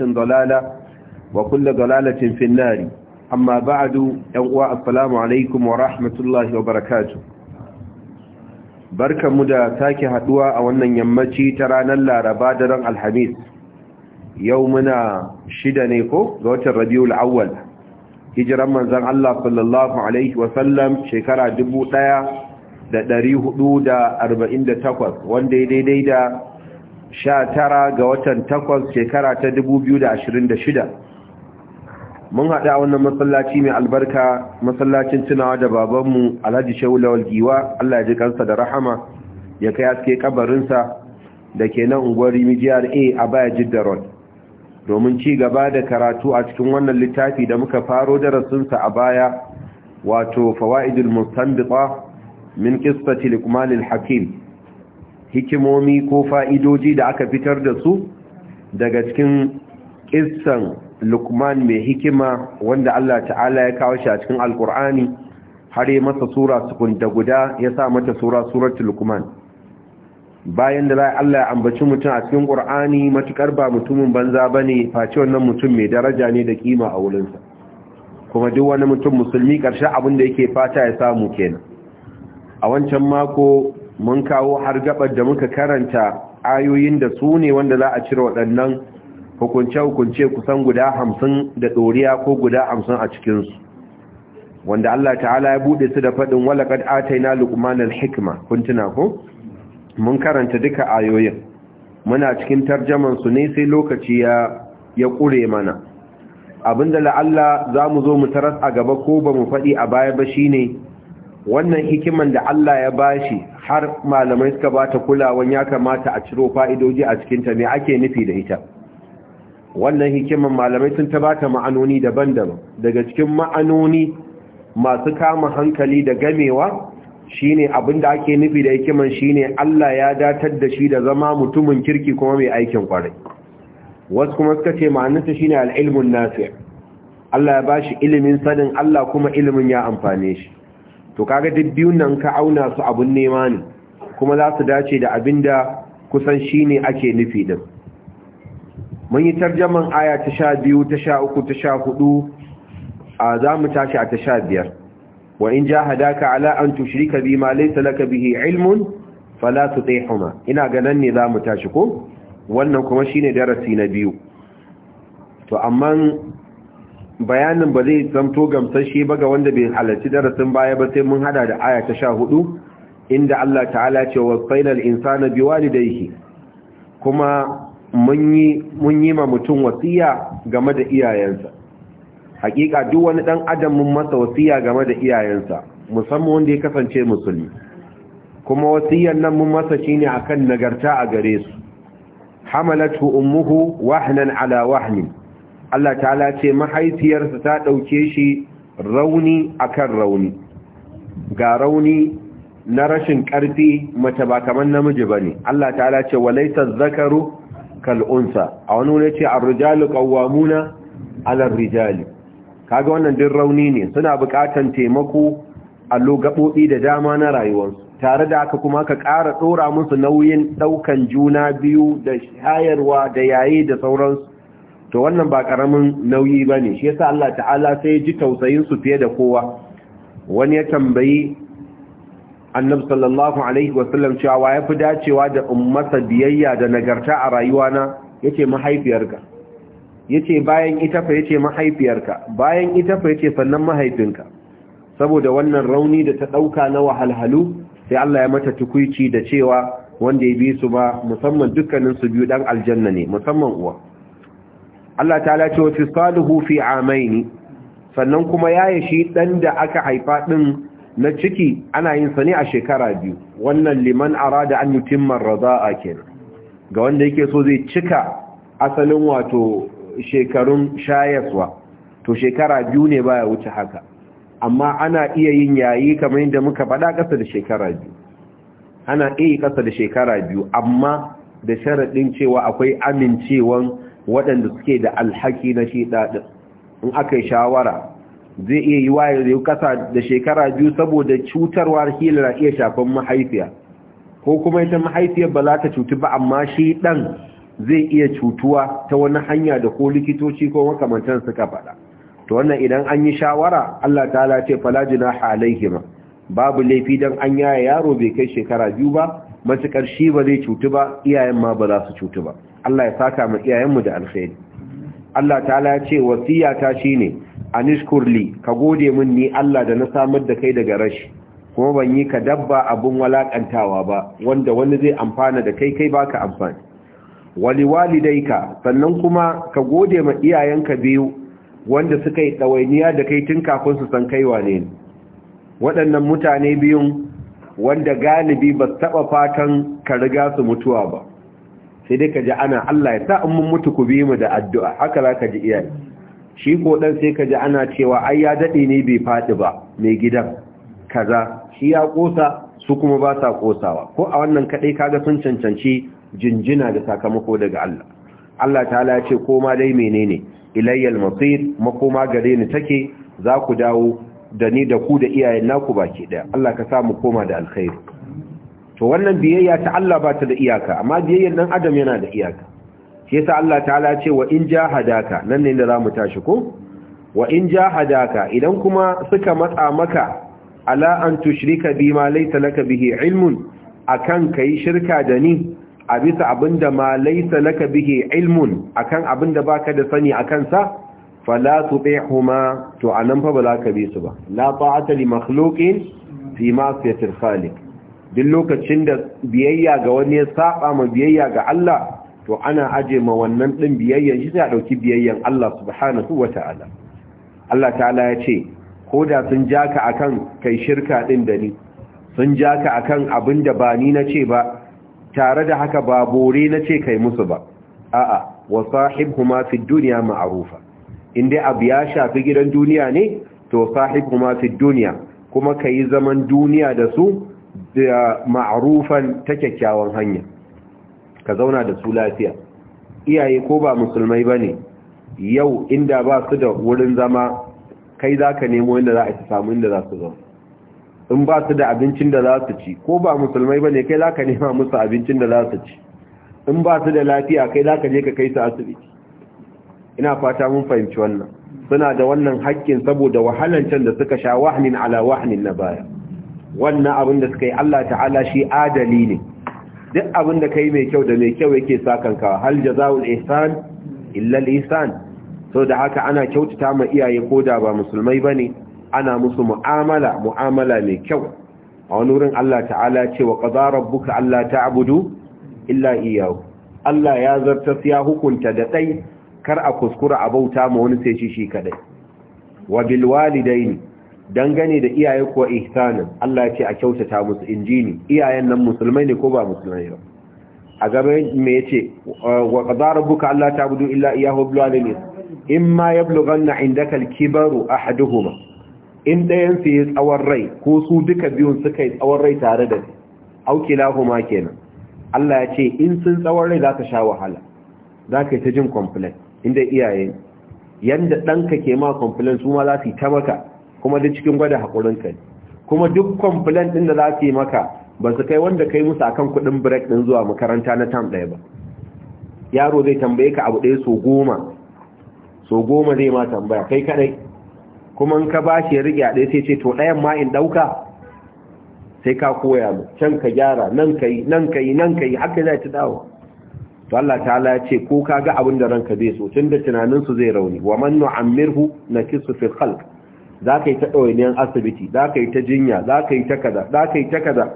cikin dalala wa kulle dalalacin finnari amma ba'adu yan uwa assalamu alaikum wa rahmatullahi wa barakatu da take haduwa a wannan yammaci ta ranar laraba daren alhamis yau muna shida ne ko ga watan rabiu al'awwal hijiran manzan Allah shekara dubu ɗaya sallallahu alaihi wasallam shekara 1448 wanda ya daidai da 19 ga watan 8 shekara ta 2026 mun haɗa wannan masallaci mai albarka masallacin tunawa da babanmu alhaji shaulawar giwa Allah ya ji kansa da rahama ya kai haske kabarinsa da ke nan unguwar rimi GRA a baya jidda domin ci gaba da karatu a cikin wannan littafi da muka faro darasinsa a baya wato fawa'idul mustanbita min qissati luqman hakim hikimomi ko fa'idoji da aka fitar da su daga cikin ƙissan lukman mai hikima wanda Allah ta'ala ya kawo shi a cikin alkur'ani har yi masa sura sukunda guda ya sa mata sura surat lukman bayan da zai Allah ya ambaci mutum a cikin ƙur'ani matuƙar ba mutumin banza ba ne face wannan mutum mai daraja ne da kima a wurinsa kuma duk wani mutum musulmi ƙarshe abin da yake fata ya samu kenan a wancan mako mun kawo har gabar da muka karanta ayoyin da su ne wanda za a cire waɗannan hukunce-hukunce kusan guda hamsin da ɗoriya ko guda hamsin a cikinsu wanda Allah ta'ala ya buɗe su da faɗin walakad ataina luqmanal hikma kun tuna ko mun karanta duka ayoyin muna cikin tarjaman su ne sai lokaci ya ya kure mana abinda la'alla zamu zo mu taras a gaba ko ba mu faɗi a baya ba shine wannan hikiman da Allah ya bashi har malamai suka ba ta kulawan ya kamata a ciro fa'idoji a cikinta ne ake nufi da ita wannan hikiman malamai sun ta ba ta ma'anoni daban-daban daga cikin ma'anoni masu kama hankali da gamewa shine abin da ake nufi da hikiman shine Allah ya datar da shi da zama mutumin kirki kuma mai aikin kwarai wasu kuma suka ce ma'anarsa shine al’ilmin nasir Allah ya bashi ilimin sanin Allah kuma ilimin ya amfane shi to kaga duk biyun nan ka auna su abun nema ne kuma za su dace da abin da kusan shine ake nufi din mun yi tarjaman aya ta sha biyu ta sha uku ta sha hudu a za mu tashi a ta sha biyar wa in ja hadaka ala an tushrika bi ma laysa laka bihi ilmun fala tutihuma ina ganin ne za mu tashi ko wannan kuma shine darasi na biyu to amma bayanin ba zai zamto gamsashe ba ga wanda bai halarci darasin baya ba sai mun hada da aya ta sha hudu inda Allah ta'ala ce wa tsainal insana bi walidayhi kuma mun yi mun yi ma mutum wasiya game da iyayensa hakika duk wani dan adam mun masa wasiya game da iyayensa musamman wanda ya kasance musulmi kuma wasiyan nan mun masa shine akan nagarta a gare su hamalatu ummuhu wahnan ala wahnin Allah ta'ala ce mahaifiyarsa ta ɗauke shi rauni akan rauni ga rauni na rashin ƙarfi mace ba kamar namiji ba ne Allah ta'ala ce walaita zakaru kal'unsa a wani wani ce arrijalu ƙawwamuna alar rijali kaga wannan din rauni ne suna buƙatan taimako allo, gaɓoɓi da dama na rayuwarsu tare da aka kuma ka ƙara ɗora musu nauyin ɗaukan juna biyu da shayarwa da yayi da sauransu to wannan ba karamin nauyi ba ne shi yasa Allah ta'ala sai ji tausayin su fiye da kowa wani ya tambayi annabi sallallahu alaihi wasallam cewa wa ya fi dacewa da ummata biyayya da nagarta a rayuwana yace mahaifiyarka yace bayan ita fa yace mahaifiyarka bayan ita fa yace sannan mahaifinka saboda wannan rauni da ta dauka na wahalhalu sai Allah ya mata tukuici da cewa wanda ya bi su ba musamman dukkanin su biyu dan aljanna ne musamman uwa Allah ta'ala ce wa fisaluhu fi amaini sannan kuma yi shi dan da aka haifa ɗin na ciki ana yin sa ne a shekara biyu wannan liman arada an yutimma radaa kenan ga wanda yake so zai cika asalin wato shekarun shayaswa to shekara biyu ne baya wuce haka amma ana iya yin yayi kamar yadda muka faɗa ƙasa da shekara biyu ana iya ƙasa da shekara biyu amma da sharaɗin cewa akwai amincewan waɗanda suke da alhaki na shi ɗaɗin in aka yi shawara zai iya yi waye zai kasa da shekara biyu saboda cutarwar hilar iya shafan mahaifiya ko kuma ita mahaifiyar ba za ta cuti ba amma shi ɗan zai iya cutuwa ta wani hanya da ko likitoci ko makamantan suka faɗa to wannan idan an yi shawara Allah la ce falajina hima babu laifi dan an yaya yaro bai kai shekara biyu ba matukar shi ba zai cutu ba iyayen ma ba za su cutu ba Allah ya saka mu iyayenmu da alkhairi Allah ta'ala ya ce wasiyata shine anishkurli ka gode min ni Allah da na samar da kai daga rashi kuma ban yi ka dabba abun walakantawa ba wanda wani zai amfana da kai kai baka amfani wali walidaika sannan kuma ka gode ma iyayenka biyu wanda suka yi ɗawainiya da kai tun kafin su san kai wane ne waɗannan mutane biyun wanda galibi ba taɓa fatan ka riga su mutuwa ba sai dai ka ji ana Allah ya sa in mun mutu ku bi mu da addu'a haka za ka ji iyaye shi ko dan sai ka ji ana cewa ai ya dade ne bai faɗi ba mai gidan kaza shi ya ƙosa su kuma ba sa kosawa ko a wannan kaɗai kaga sun cancanci jinjina da sakamako daga Allah Allah ta'ala ya ce ko ma dai menene ilayyal masir makoma gare ni take za ku dawo da ni da ku da iyayen naku baki ɗaya? Allah ka sa mu koma da alkhairi to wannan biyayya ta Allah ba ta da iyaka amma biyayyar dan adam yana da iyaka shi yasa Allah ta'ala ce wa in jahadaka nan ne da zamu tashi ko wa in jahadaka idan kuma suka matsa maka ala an tushrika bima laysa laka bihi ilmun akan kai shirka da ni a bisa abinda ma laysa laka bihi ilmun akan abinda baka da sani akan sa fala tubihuma to anan fa ba za ka bi su ba la ta'ata li makhluqin fi ma'siyatil khaliq duk lokacin da biyayya ga wani ya saba ma biyayya ga Allah to ana aje ma wannan din biyayyan shi sai a dauki biyayyan Allah subhanahu wata'ala Allah ta'ala ya ce ko da sun jaka akan kai shirka din da ni sun jaka akan abin da ba ni nace ba tare da haka ba bore nace kai musu ba a'a wa sahibhuma fid dunya ma'rufa inda abu ya shafi gidan duniya ne to sahibhuma fid dunya kuma kai zaman duniya da su da ma'rufan ta kyakkyawan hanya ka zauna da su lafiya iyaye ko ba musulmai bane yau inda ba su da wurin zama kai za ka nemo inda za a ci samu inda za su zama, in ba su da abincin da za su ci ko ba musulmai bane kai za ka nema musu abincin da za su ci in ba su da lafiya kai za ka je ka kai su asibiti ina fata mun fahimci wannan suna da wannan haƙƙin saboda wahalancin da suka sha wahnin ala wahnin na baya wannan abin da suka yi Allah ta'ala shi adali ne duk abin da kai mai kyau da mai kyau yake sakanka hal jazaul ihsan illa al ihsan so da haka ana kyautata ma iyaye ko da ba musulmai bane ana musu mu'amala mu'amala mai kyau a wani wurin Allah ta'ala ce wa qadara rabbuka alla ta'budu illa iyyahu Allah ya zartas ya hukunta da dai kar a kuskura abauta ma wani sai shi shi kadai wa bil walidaini dangane da iyaye ko ihsanin Allah ya ce a kyautata musu injini iyayen nan musulmai ne ko ba musulmai ba a gaba me yace wa qadara Allah alla ta'budu illa iyyahu bil walidayn imma yablughanna indaka al kibaru ahaduhuma in dayan su yi tsawon rai ko su duka biyun suka yi tsawon rai tare da su au kenan Allah ya ce in sun tsawon rai za ka sha wahala za ka yi ta jin complain inda iyaye yanda ɗanka ke ma kwamfilan su ma za su yi ta maka kuma duk cikin gwada haƙurinka ne kuma duk complaint ɗin da za su yi maka ba su kai wanda kai musu akan kuɗin break ɗin zuwa makaranta na tam ɗaya ba yaro zai tambaye ka abu ɗaya so goma so goma zai ma tambaya kai kaɗai kuma in ka ba shi ya riƙe a ɗaya sai ce to ɗayan ma in ɗauka sai ka koya mu can ka gyara nan ka yi nan ka yi nan ka yi haka zai ta dawo to Allah ta'ala ya ce ko ka ga abin da ranka zai so tunda tunaninsu zai rauni wa man nu'ammirhu nakisu fil khalq za ka yi ta ɗawainiyar asibiti za ka yi ta jinya za ka yi ta kaza za ka yi ta kaza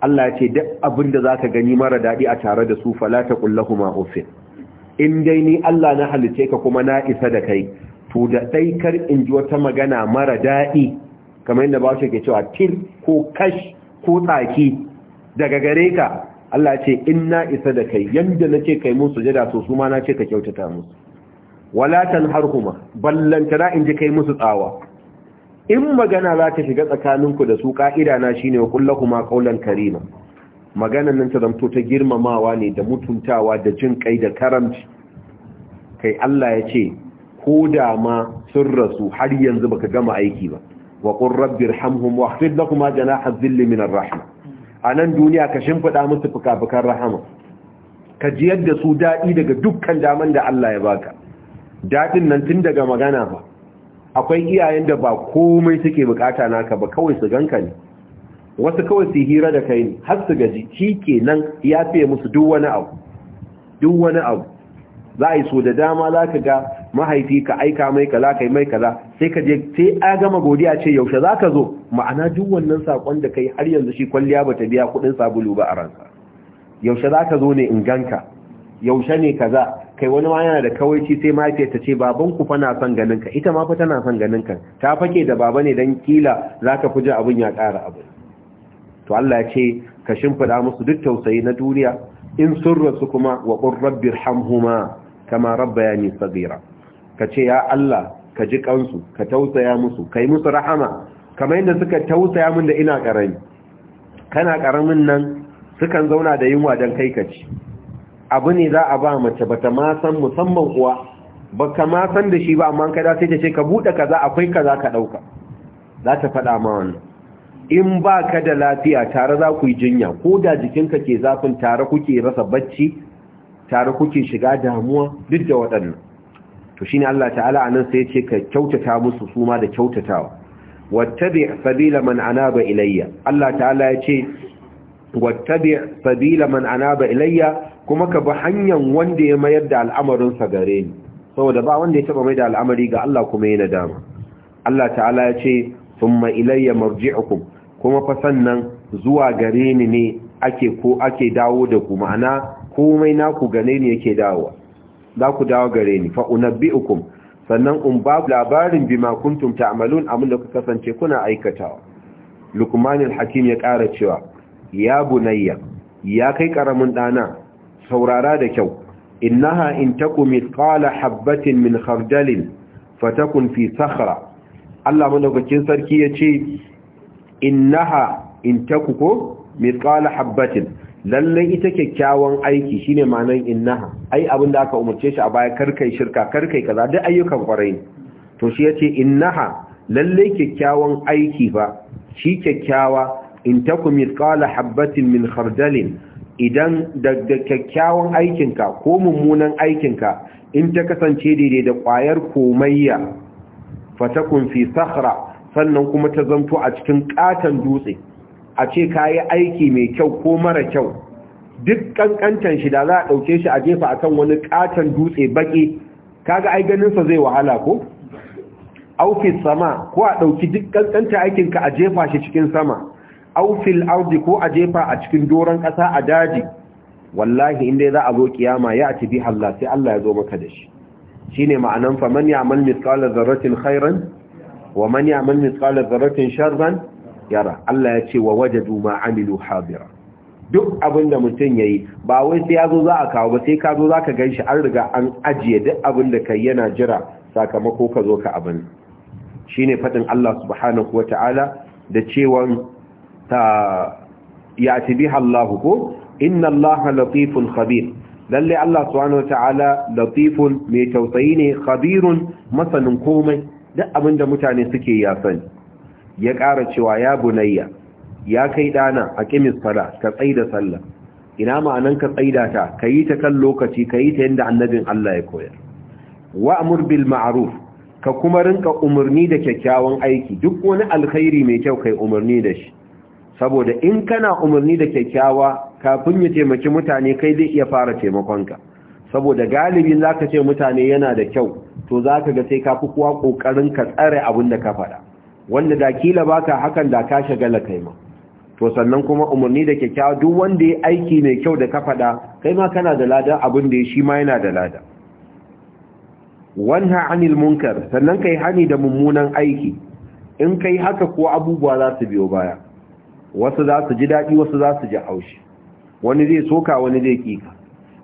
Allah ya ce duk abin da za ka gani mara daɗi a tare da su fala ta kuma ofin in dai ni Allah na halice ka kuma na isa da kai to da ɗai kar in ji wata magana mara daɗi kamar yadda ba ke cewa til ko kash ko tsaki daga gare ka Allah ce in na isa da kai yadda na ce kai mun jada so su ma na ce ka kyautata musu wala ballanta na in ji kai musu tsawa in magana za ta shiga tsakaninku da su ka'ida na shine kuma ƙaunar karima maganan nan ta zamto ta girmamawa ne da mutuntawa da jin kai da karamci kai Allah ya ce ko da ma sun rasu har yanzu baka gama aiki ba wa qur rabbir hamhum waghfir lahum janaha dhilli min ar-rahma anan duniya ka shimfida musu fuka-fukan rahama ka jiyar da su daɗi daga dukkan daman da Allah ya baka Daɗin nan tun daga magana ba akwai iyayen da ba komai suke bukata naka ba kawai su ganka ne wasu kawai su hira da kai ne har su gaji shi kenan ya fiye musu duk wani abu duk wani abu za a yi so da dama za ka ga mahaifi ka aika mai kala kai mai kaza sai ka je sai a gama godiya ce yaushe za ka zo ma'ana duk wannan sakon da kai har yanzu shi kwalliya bata biya kuɗin sabulu ba a ransa yaushe za ka zo ne in ganka yaushe ne kaza kai wani ma yana da kawaici sai mahaifiyar ta ce baban ku fa son ganin ka ita ma fa tana son ganin ka ta fake da baba ne dan kila zaka fi ji abin ya ƙara abu to Allah ya ce ka shimfida musu duk tausayi na duniya in sun rasu kuma wa qur rabbir hamhuma kama rabbayani saghira ka ce ya Allah ka ji kansu ka tausaya musu kai musu rahama kamar yadda suka tausaya min da ina karami kana karamin nan sukan zauna da yunwa dan kai ka ci abu ne za a ba mace bata ma san musamman uwa ba ka ma san da shi ba amma kada sai ta ce ka buɗe kaza akwai kaza ka ɗauka za ta faɗa ma wannan in ba ka da lafiya tare za ku yi jinya ko da jikinka ke zafin tare kuke rasa bacci tare kuke shiga damuwa duk da waɗannan to shine Allah ta'ala anan sai ce ka kyautata musu su ma da kyautatawa wattabi sabila man anaba ilayya Allah ta'ala ya ce wattabi sabila man anaba ilayya kuma ka bi hanyar wanda ya mayar da al'amarinsa gare ni saboda ba wanda ya taba mai da al'amari ga Allah kuma yana dama Allah ta'ala ya ce thumma ilayya marji'ukum kuma fa sannan zuwa gare ni ne ake ko ake dawo da ku ma'ana komai naku gane ni yake dawo za ku dawo gare ni fa unabbi'ukum sannan in ba labarin bima kuntum ta'malun abin da ku kasance kuna aikatawa Luqman hakim ya ƙara cewa ya bunayya ya kai ƙaramin ɗana. saurara da kyau innaha in taku mithqala habatin min khardalin fatakun fi sakhra Allah madaukakin sarki yace innaha in taku ko mithqala habatin lallai ita kyakkyawan aiki shine ma'anar innaha ai abin da aka umarce shi a baya karkai shirka karkai kaza duk ayyukan kwarai to shi yace innaha lallai kyakkyawan aiki ba shi kyakkyawa in taku mithqala habatin min khardalin idan da kyakkyawan aikinka ko mummunan aikinka in ta kasance daidai da ƙwayar komayya fatakun fi sahra sannan kuma ta zanto a cikin ƙaton dutse a ce ka yi aiki mai kyau ko mara kyau duk ƙanƙantan shi da za a ɗauke shi a jefa akan wani ƙaton dutse baƙi kaga ai ganinsa zai wahala ko au sama ko a ɗauki duk ƙanƙanta aikinka a jefa shi cikin sama aw fil ko a jefa a cikin doron ƙasa a daji wallahi inda za a zo kiyama ya ci bi Allah sai Allah ya zo maka da shi shine ma'anan fa man ya'mal mithqala dharratin khairan wa man ya'mal mithqala dharratin sharran yara Allah ya ce wa wajadu ma amilu hadira duk abinda mutum yayi ba wai sai ya zo za a kawo ba sai ka zo zaka ganshi an riga an ajiye duk abinda kai yana jira sakamako ka zo ka abin shine fadin Allah subhanahu wataala da cewa ta ti bi Allah ko inna Allah latifun khabir lalle Allah subhanahu wataala latifun mai tausayi ne khabirun masanin komai duk abinda mutane suke ya sani ya ƙara cewa ya bunayya ya kai dana a fara ka tsaida sallah ina ma'anan ka tsaida ta kayi ta kan lokaci kayi ta yanda annabin Allah ya koyar wa'mur bil ma'ruf ka kuma rinka umarni da kyakkyawan aiki duk wani alkhairi mai kyau kai umarni da shi saboda in kana umarni da kyakkyawa kafin ya taimaki mutane kai zai iya fara taimakonka saboda galibin ka ce mutane yana da kyau to za ka ga sai kafi kowa kokarin ka tsare abin da ka faɗa wanda da kila ba ka hakan da ka shagala kai ma to sannan kuma umarni da kyakkyawa duk wanda ya aiki mai kyau da ka faɗa kai ma kana da ladan abin da ya shi ma yana da lada wanha anil munkar sannan kai hani da mummunan aiki in kai haka ko abubuwa za su biyo baya wasu za su ji daɗi wasu za su ji haushi wani zai soka wani zai kika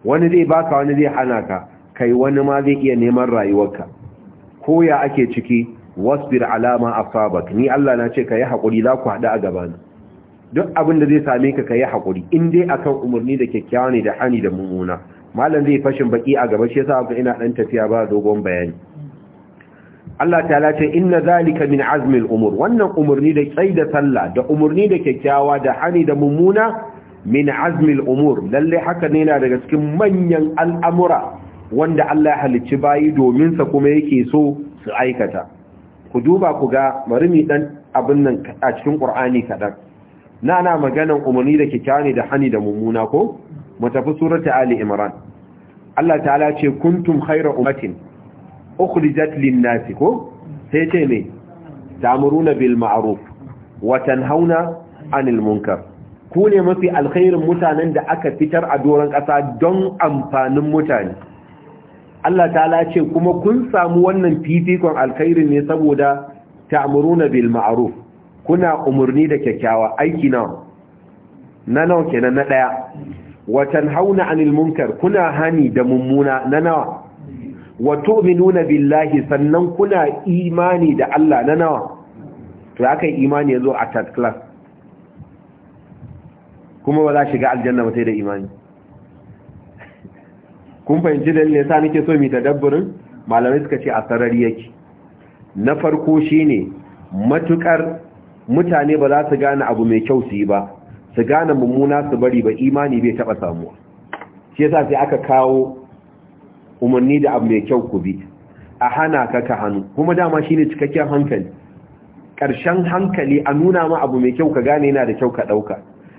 wani zai baka wani zai hana ka kai wani ma zai iya neman rayuwarka Koya ya ake ciki wasbir alama asabak ni Allah na ce ka yi haƙuri za ku haɗu a gabana duk abin da zai same ka ka yi haƙuri in dai akan umarni da kyakkyawa ne da hani da mumuna. malam zai fashin baki a gaba shi yasa ina dan tafiya ba dogon bayani Allah ta'ala ce inna zalika min azmil umur wannan umurni da tsai da sallah da umurni da kyakkyawa da hani da mummuna min azmil umur lalle haka ne na daga cikin manyan al'amura wanda Allah ya halicci bayi domin sa kuma yake so su aikata ku duba ku ga bari mu dan abin nan a cikin Qur'ani kadan na na maganan umurni da kyakkyawa ne da hani da mummuna ko mu tafi surata ali imran Allah ta'ala ce kuntum khayra ummatin ukhrijat lin nasi ko sai ce me ta'muruna bil ma'ruf wa tanhauna 'anil munkar ku ne mafi alkhairin mutanen da aka fitar a doron ƙasa don amfanin mutane Allah ta'ala ce kuma kun samu wannan fifikon alkhairin ne saboda ta'muruna bil ma'ruf kuna umurni da kyakkyawa aiki nawa na nawa kenan na daya wa tanhauna 'anil munkar kuna hani da mummuna na nawa wa tu'minuna billahi sannan kuna imani da Allah na nawa to akai imani yazo a third class kuma ba za shiga aljanna ba sai da imani kun fahimci da ne yasa nake so mi tadabburin malamai suka ce a sarari yake na farko shine matukar mutane ba za su gane abu mai kyau su yi ba su gane mummuna su bari ba imani bai taba samuwa shi yasa sai aka kawo umarni da abu mai kyau ku bi a hana ka ka hannu kuma dama shi ne cikakken hankali ƙarshen hankali a nuna ma abu mai kyau ka gane yana da kyau ka ɗauka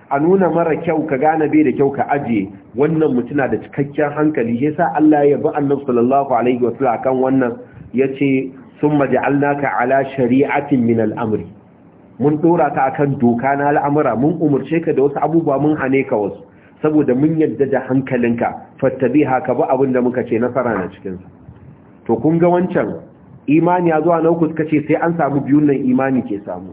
a nuna mara kyau ka gane bai da kyau ka ajiye wannan mutuna da cikakken hankali ya sa Allah ya bi annabi sallallahu alaihi wa sallam kan wannan yace summa ja'alnaka ala shari'atin min al-amri mun dora ka akan doka na al'amura mun umurce ka da wasu abubuwa mun hane ka wasu saboda mun yadda da hankalinka fattabiha haka ba abin da muka ce nasara na cikinsa to kun ga wancan imani ya zuwa na uku suka ce sai an samu biyun nan imani ke samu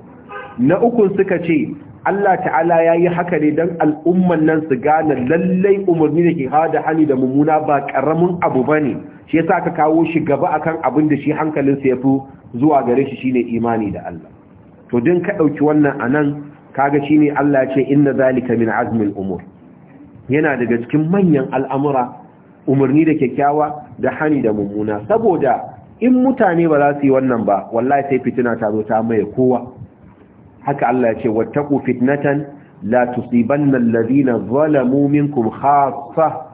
na uku suka ce Allah ta'ala ya yi haka ne don al'umman nan su gane lallai umarni da ke hawa da hani da mummuna ba ƙaramin abu ba ne shi ya sa ka kawo shi gaba akan abin da shi hankalinsa ya fi zuwa gare shi shine imani da Allah to din ka ɗauki wannan a nan kaga shine Allah ya ce inna zalika min azmin umur yana daga cikin manyan al'amura umarni da kyakkyawa da hani da mummuna saboda in mutane ba za su yi wannan ba wallahi sai fitina ta zo ta maye kowa haka Allah ya ce wattaku fitnatan la tusibanna alladhina zalamu minkum khassa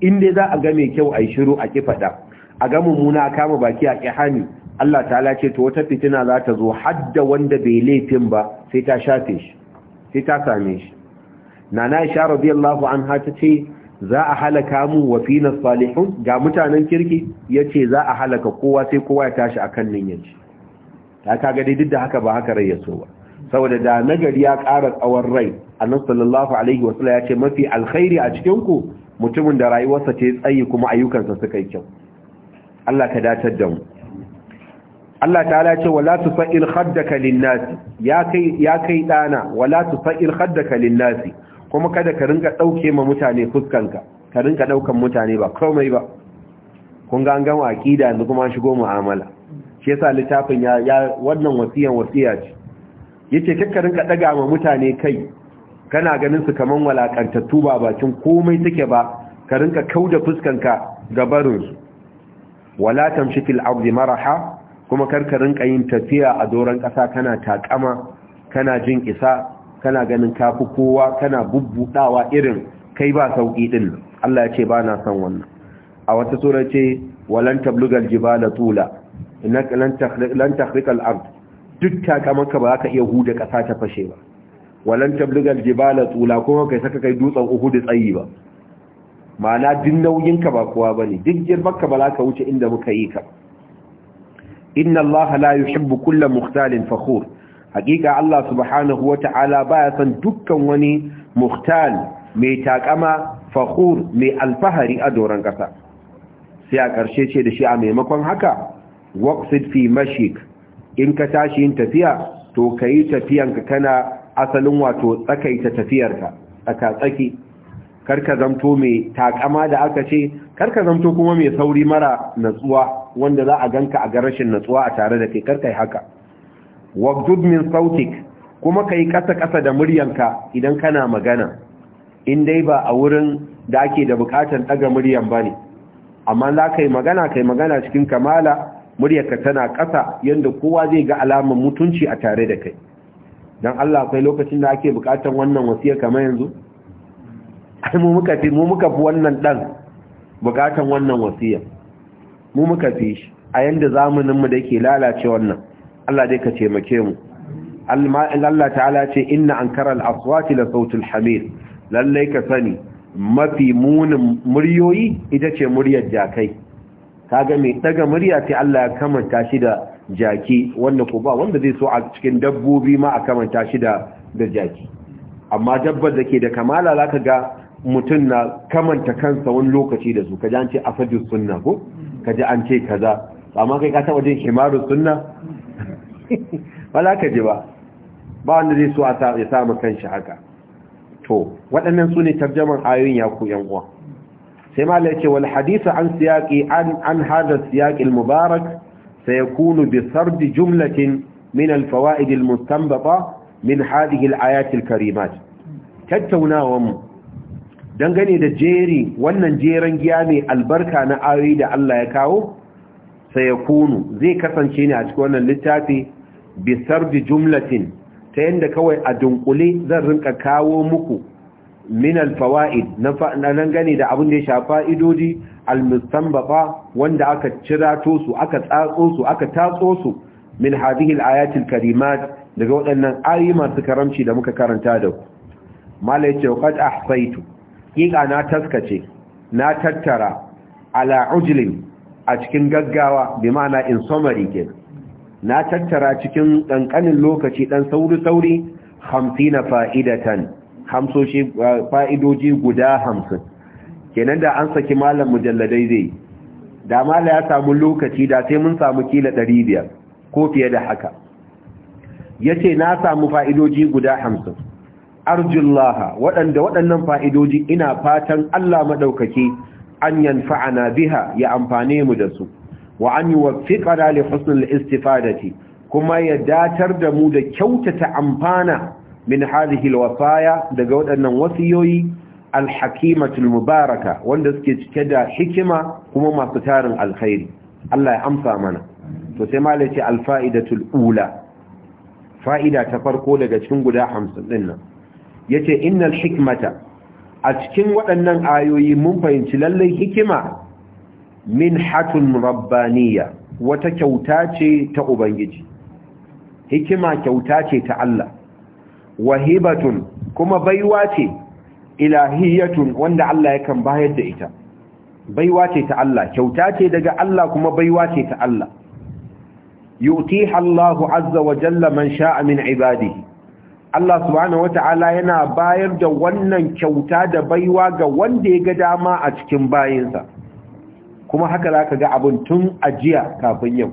inda za a ga mai kyau yi shiru a kifada a ga mummuna a kama baki a hani. Allah ta'ala ce to wata fitina za ta zo hadda wanda bai laifin ba sai ta shafe shi sai ta same shi nana isha radiyallahu an ta ce za a halaka mu wa fina salihun ga mutanen kirki yace za a halaka kowa sai kowa ya tashi akan ninyan shi ta kaga dai duk da haka ba haka rai so ba saboda da nagari ya kara tsawon rai annabi sallallahu alaihi wasallam ya ce mafi alkhairi a cikin ku mutumin da rayuwarsa ce tsayi kuma ayyukansa suka yi kyau Allah ka datar da mu Allah ta'ala ce wala tusail khaddaka lin-nas ya kai ya kai dana wala tusail khaddaka lin-nas kuma kada ka rinka ɗauke ma mutane fuskanka ka rinka ɗaukan mutane ba komai ba kun ga an gama yanzu kuma shigo mu'amala shi yasa littafin ya wannan wasiyan wasiya ce yace kika rinka daga ma mutane kai kana ganin su kaman walakantattu ba bakin komai take ba ka rinka kauda fuskanka ga barin su wala tamshi fil ardi maraha kuma karka rinka yin tafiya a doran kasa kana takama kana jin isa kana ganin kafi kowa kana bubbudawa irin kai ba sauki din Allah ya ce ba na son wannan a wata sura ce walan tablugal jibala tula innaka lan takhliq lan takhliq al-ard duk takamanka ba ka iya huda kasa ta fashe ba walan tablugal jibala tula kuma kai saka kai dutsen uhud tsayi ba ma'ana nauyin nauyinka ba kowa bane duk girmanka ba za ka wuce inda muka yi ka inna allaha la yuhibbu kulla mukhtalin fakhur hakika Allah subhanahu wata'ala baya son dukkan wani muhtal mai takama fakhur mai alfahari a doron kasa sai a karshe ce da shi a maimakon haka waqsid fi mashik in ka tashi yin tafiya to kai tafiyanka kana asalin wato tsakaita tafiyarka tsaka tsaki karka zamto mai takama da aka ce karka zamto kuma mai sauri mara natsuwa wanda za a ganka a ga rashin natsuwa a tare da kai karka yi haka waqdud min sautik kuma kai kasa kasa da muryanka idan kana magana in dai ba a wurin da ake da bukatan daga muryan bane amma za kai magana kai magana cikin kamala muryarka tana kasa yanda kowa zai ga alamar mutunci a tare da kai dan Allah akwai lokacin da ake bukatan wannan wasiya kamar yanzu ai mu muka fi mu muka fi wannan dan bukatan wannan wasiya mu muka fi a yanda zamaninmu da yake lalace wannan Allah dai ka taimake mu Allah ta'ala ce inna ankara al-aswati la sautul hamir lalle ka sani mafi munin muryoyi ita ce muryar jakai kaga mai daga murya ce Allah ya kamanta shi da jaki wanda ko ba wanda zai so a cikin dabbobi ma a kamanta shi da da jaki amma dabbar da ke da kamala zaka ga mutum na kamanta kansa wani lokaci da su kaji an ce afadus sunna ko kaji an ce kaza amma kai ka taba jin himarus sunna ba za ka ji ba ba wanda zai so ya samu kanshi haka to waɗannan su ne tarjaman ayoyin ya ku sai mala yace wal hadithu an siyaqi an an hada siyaq al mubarak sayakunu bi sard jumlatin min alfawa idil al min hadhihi ayatil karimat al mu dangane da jeri wannan jeran giya mai albarka na ayoyi da Allah ya kawo sayakunu zai kasance ne a cikin wannan littafi bisar da jumlatin ta yadda kawai a dunkule zan rinka kawo muku min alfawa'id na gani da abin da ya shafa idodi almustanbaba wanda aka cira su aka tsatso su aka tatso su min hadhihi alayatil karimat daga waɗannan ayoyi masu karamci da muka karanta da ku mala yace qad ahsaitu kika na taskace na tattara ala ujlin a cikin gaggawa bi ma'ana in summary kenan na tattara cikin ƙanƙanin lokaci ɗan sauri-sauri hamsi na fa'idatan uh, fa'idoji guda hamsin kenan da an saki malam mujalladai zai da mala ya samu lokaci da sai mun samu kila ɗari biyar ko fiye da haka ya ce na samu fa'idoji guda hamsin arjullaha waɗanda waɗannan fa'idoji ina fatan Allah maɗaukaki an yanfa'ana biha ya amfane mu da su wa an yuwaffiqana li husnil istifadati kuma ya datar da mu da kyautata amfana min hadhihi alwasaya daga waɗannan wasiyoyi alhakimatul mubaraka wanda suke cike da hikima kuma masu tarin alkhairi Allah ya amsa mana to sai malai ce alfa'idatul ula fa'ida ta farko daga cikin guda 50 din nan yace innal hikmata a cikin waɗannan ayoyi mun fahimci lallai hikima minhatun rabbaniya wata kyauta ce ta ubangiji hikima kyauta ce ta Allah wahibatun kuma baiwa ce ilahiyatun wanda Allah yakan bayar da ita baiwa ce ta Allah kyauta ce daga Allah kuma baiwa ce ta Allah Yuti Allahu azza wa jalla man sha'a min ibadihi Allah subhanahu yana bayar da wannan kyauta da baiwa ga wanda ya ga dama a cikin bayinsa kuma haka za ka ga abin tun ajiya kafin yau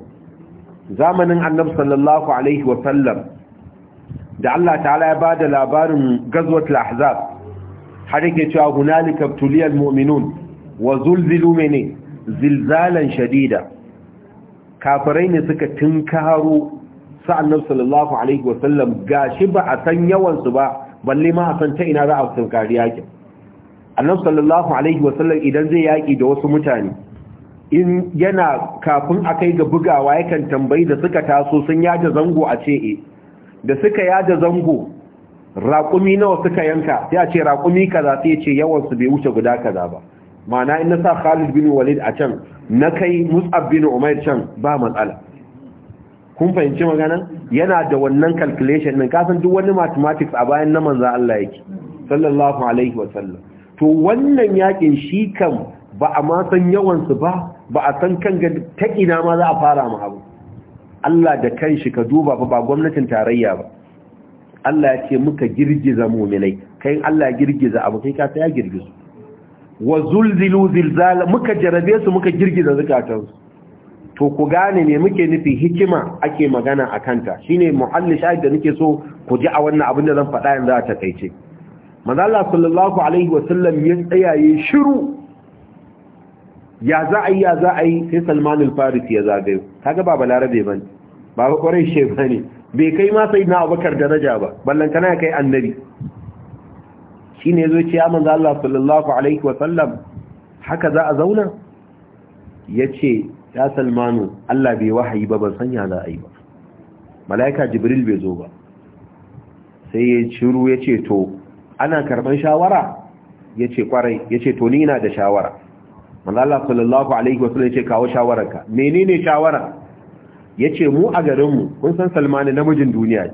zamanin annab sallallahu alaihi wasallam da Allah ta'ala ya ba da labarin gazwat lahzab har yake cewa hunalika tuliyal mu'minun wa zulzilu mene zilzalan shadida kafirai ne suka tinkaro sa annab sallallahu alaihi wasallam gashi ba a san yawan su ba balle ma a san ta ina za a tunkari yakin annab sallallahu alaihi wasallam idan zai yaki da wasu mutane in yana kafin a kai ga bugawa yakan tambayi da suka taso sun yada zango a ce eh. da suka yada zango raƙumi nawa suka yanka sai a ce raƙumi kaza sai ya ce yawansu bai wuce guda kaza ba ma'ana in na sa Khalid bin Walid a can na kai Mus'ab bin Umair can ba matsala kun fahimci magana yana da wannan calculation din kasan duk wani mathematics a bayan na manzo Allah yake sallallahu alaihi wa sallam to wannan yakin shi kan ba a ma san yawansu ba ba a san kan ta ina ma za a fara mu abu Allah da kanshi ka duba ba gwamnatin tarayya ba Allah ya ce muka girgiza muminai kai Allah ya girgiza abu kai ka ya girgizu wa zulzilu zilzala muka jarabe su muka girgiza zakatan su to ku gane ne muke nufi hikima ake magana akan ta shine muhalli shahid da nake so ku ji a wannan abin da zan faɗa yanzu a takeice manzo Allah sallallahu alaihi wasallam ya tsayaye shiru ya za a yi ya za a yi sai salman al-faris ya zagayo kaga ba balarabe ba ne ba ba kwarai she ba ne bai kai ma sai na da daraja ba ballan kana kai annabi shi ne zo ce ya manza Allah sallallahu alaihi Wasallam haka za a zauna ya ce ya salmanu Allah bai wahayi ba ban sanya za a yi ba mala'ika jibril bai zo ba sai ya shiru ya ce to ana karban shawara ya ce kwarai ya ce to ni na da shawara Allah sallallahu alaihi wasallam ce kawo shawararka menene shawara yace mu a garinmu kun san salmani namijin duniya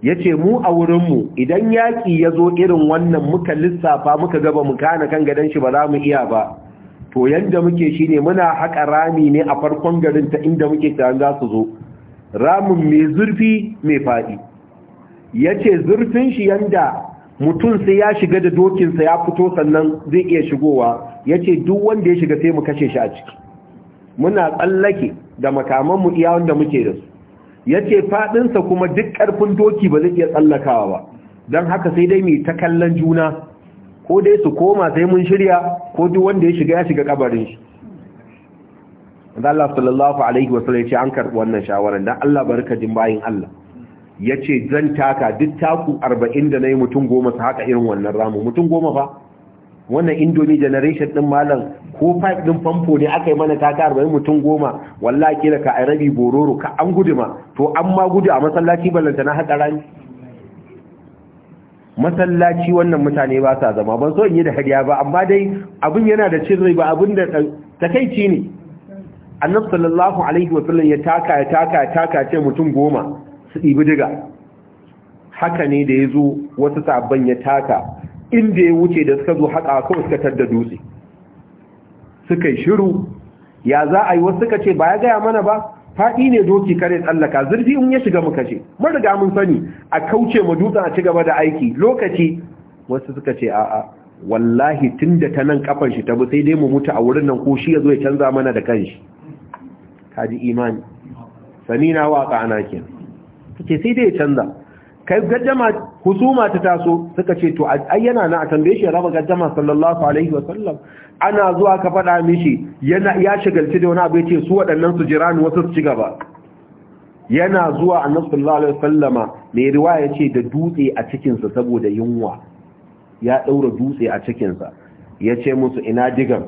yace mu a wurinmu idan yaki ya zo irin wannan muka lissafa muka gaba mu kana kan gadan shi ba za mu iya ba to yanda muke shine muna haka rami ne a farkon garin ta inda muke tsaron za su zo ramin mai zurfi mai faɗi yace zurfin shi yanda mutum sai ya shiga da dokinsa ya fito sannan zai iya shigowa ya ce duk wanda ya shiga sai mu kashe shi a ciki muna tsallake da makamanmu iya wanda muke da su ya ce faɗinsa kuma duk karfin doki ba zai iya tsallakawa ba don haka sai dai mai ta kallon juna ko dai su koma sai mun shirya ko duk wanda ya shiga ya shiga kabarin shi Allah sallallahu alaihi wasallam ya ce an karɓi wannan shawarar dan Allah barka jin bayin Allah ya ce zan taka duk taku arba'in da na yi mutum goma su haka irin wannan ramu mutum goma fa wannan indomie generation ɗin malam ko pipe ɗin famfo ne aka yi mana taka arba'in mutum goma wallahi da ka rabi bororo ka an gudu ma to an ma gudu a masallaci ballanta na haɗa rami masallaci wannan mutane ba sa zama ban so in yi da hadiya ba amma dai abin yana da cin rai ba abin da takaici ne annabi sallallahu alaihi wasallam ya taka ya taka ya taka ce mutum goma su ɗibi diga haka ne da ya zo wasu sabon ya taka inda ya wuce da suka zo haka ko suka tar da dutse suka yi shiru ya za a yi wasu suka ce ba ya gaya mana ba faɗi ne doki kare tsallaka zurfi in ya shiga muka ce mun riga mun sani a kauce mu dutsen a ci gaba da aiki lokaci wasu suka ce a'a wallahi tun da ta nan kafan shi ta bi sai dai mu mutu a wurin nan ko shi ya zo ya canza mana da kanshi kaji imani sani na waka ana kenan Suke sai dai ya canza kai gaddama husuma ta taso suka ce to ayyana na a tambaye shi raba gaddama sallallahu alaihi wasallam ana zuwa ka faɗa mishi yana ya shigalci da wani abu ya ce su waɗannan su jira ni wasu su ci gaba yana zuwa annabi sallallahu alaihi wasallama mai riwaya ce da dutse a cikin sa saboda yunwa ya daura dutse a cikin sa yace musu ina digan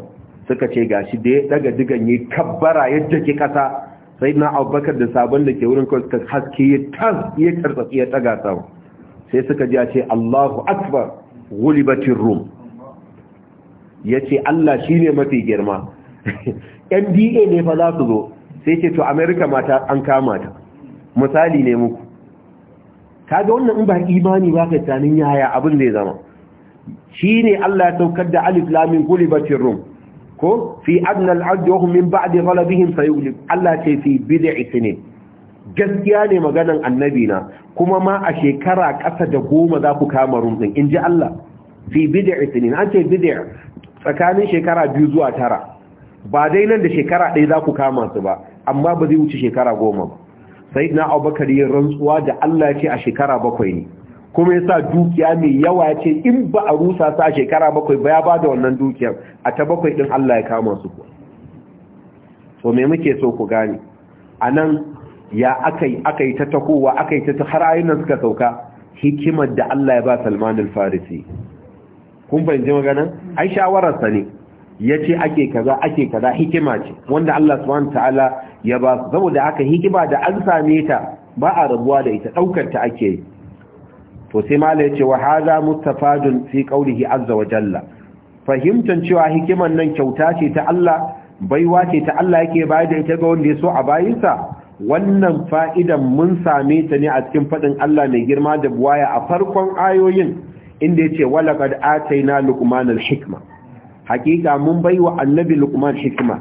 suka ce gashi da ya daga digan yayi kabbara yadda ke kasa sai na abubakar da sabon da ke wurin kawai suka haske ya tas ya karsafi ya taga sama sai suka ji a ce allahu akbar gulibatin rum ya ce allah shi ne mafi girma nba ne fa za su zo sai ce to america mata an kama ta misali ne muku kaga wannan in ba imani ba ka tsanin yaya abin zai zama shi ne allah ya saukar da alif lamin gulibatin rum ko fi adna al-ard wa hum min ba'di ghalabihim sayughlib Allah ce fi bid'i sinin gaskiya ne maganan annabi na kuma ma a shekara kasa da goma za ku kama rum in ji Allah fi bid'i sinin an ce bid'i tsakanin shekara biyu zuwa tara ba dai nan da shekara ɗaya za ku kama su ba amma ba zai wuce shekara goma ba sayyidina abubakar yin rantsuwa da Allah ce a shekara bakwai ne kuma ya sa dukiya mai yawa ce in ba a rusa sa shekara bakwai ba ya ba da wannan dukiyar a ta bakwai ɗin Allah ya kama su kuwa so me muke so ku gane a nan ya aka yi ta takowa aka yi ta har nan suka sauka hikimar da Allah ya ba Salman al-Farisi kun fahimci magana ai shawararsa ne yace ake kaza ake kaza hikima ce wanda Allah subhanahu ta'ala ya ba saboda haka hikima da an same ta ba a rabuwa da ita daukar ta ake yi to sai malai ce wa hadha mustafadun fi qawlihi azza wa jalla fahimtan cewa hikiman nan kyauta ce ta Allah baiwa ce ta Allah yake bayar da ita ga wanda ya so a bayinsa wannan fa'idan mun same ta ne a cikin fadin Allah mai girma da buwaya a farkon ayoyin inda yace walaqad ataina luqman al-hikma hakika mun baiwa annabi luqman hikma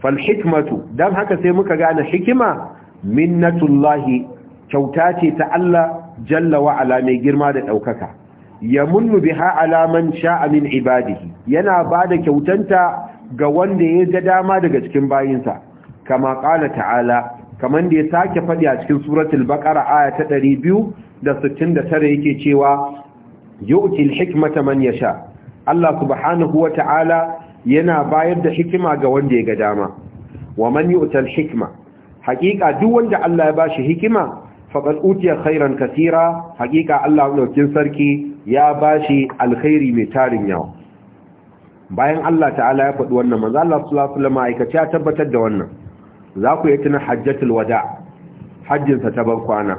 fal hikmatu dan haka sai muka gane hikima minnatullahi kyauta ce ta Allah jalla wa ala mai girma da ɗaukaka ya munnu biha alaman sha'a ibadihi yana ba da kyautanta ga wanda ya ga dama daga cikin bayinsa kama ƙala ta'ala kamar da ya sake faɗi a cikin suratul baqara aya ta 269 yake cewa yu'til hikmata man yasha Allah subhanahu wa ta'ala yana bayar da hikima ga wanda ya ga dama wa man yu'tal hikma Hakika duk wanda Allah ya bashi hikima faqad utiya khairan kasira haƙiƙa Allah madaukin sarki ya ba shi alkhairi mai tarin yawa bayan Allah ta'ala ya faɗi wannan manzo Allah sallallahu alaihi wasallam ya tabbatar da wannan za ku yi tuna hajjatul wada hajjinsa ta ban kwana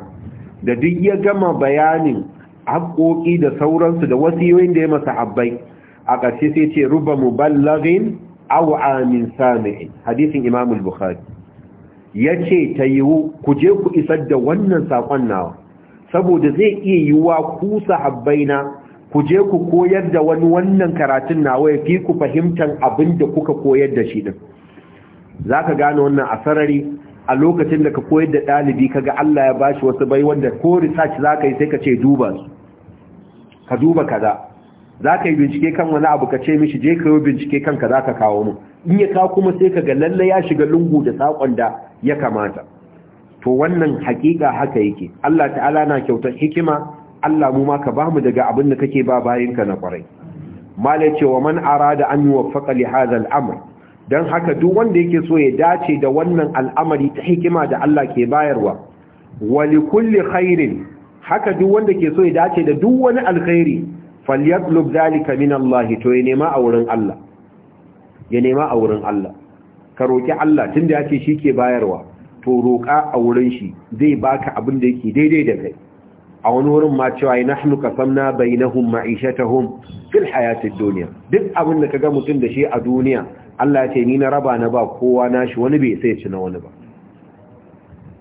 da duk ya gama bayanin haƙoƙi da sauransu da wasiyoyin da ya masa habbai a ƙarshe sai ce ruba muballaghin aw amin sami'in hadisin imam al-bukhari ya ce ta yiwu ku je ku isar da wannan saƙon nawa saboda zai iya yiwuwa ku na ku je ku koyar da wani wannan karatun nawa ya fi ku fahimtar abin da kuka koyar da shi din za ka gane wannan a sarari a lokacin da ka koyar da ɗalibi ka ga Allah ya bashi wasu bai wanda ko research za ka yi sai ka ce duba su ka duba kaza za ka yi bincike kan wani abu ka ce mishi je ka yi bincike kanka za ka kawo mu in ya kawo kuma sai ka ga lalle ya shiga lungu da sakon da ya kamata to wannan haƙiƙa haka yake Allah ta'ala na kyautar hikima Allah mu ma ka ba mu daga abin da kake ba bayinka na kwarai malai ce wa man arada an yuwaffaqa li hadha al-amr dan haka duk wanda yake so ya dace da wannan al'amari ta hikima da Allah ke bayarwa wa li kulli khairin haka duk wanda ke so ya dace da duk wani alkhairi falyatlub zalika minallahi to ya nema a wurin Allah ya nema a wurin Allah ka roki Allah tunda ya ce shike bayarwa to roka a wurin shi zai baka abin da yake daidai da kai a wani wurin ma cewa ya nahnu qasamna bainahum ma'ishatahum fil hayatid dunya duk abin da kaga mutum da shi a duniya Allah ya ce ni na raba na ba kowa nashi wani bai sai ci na wani ba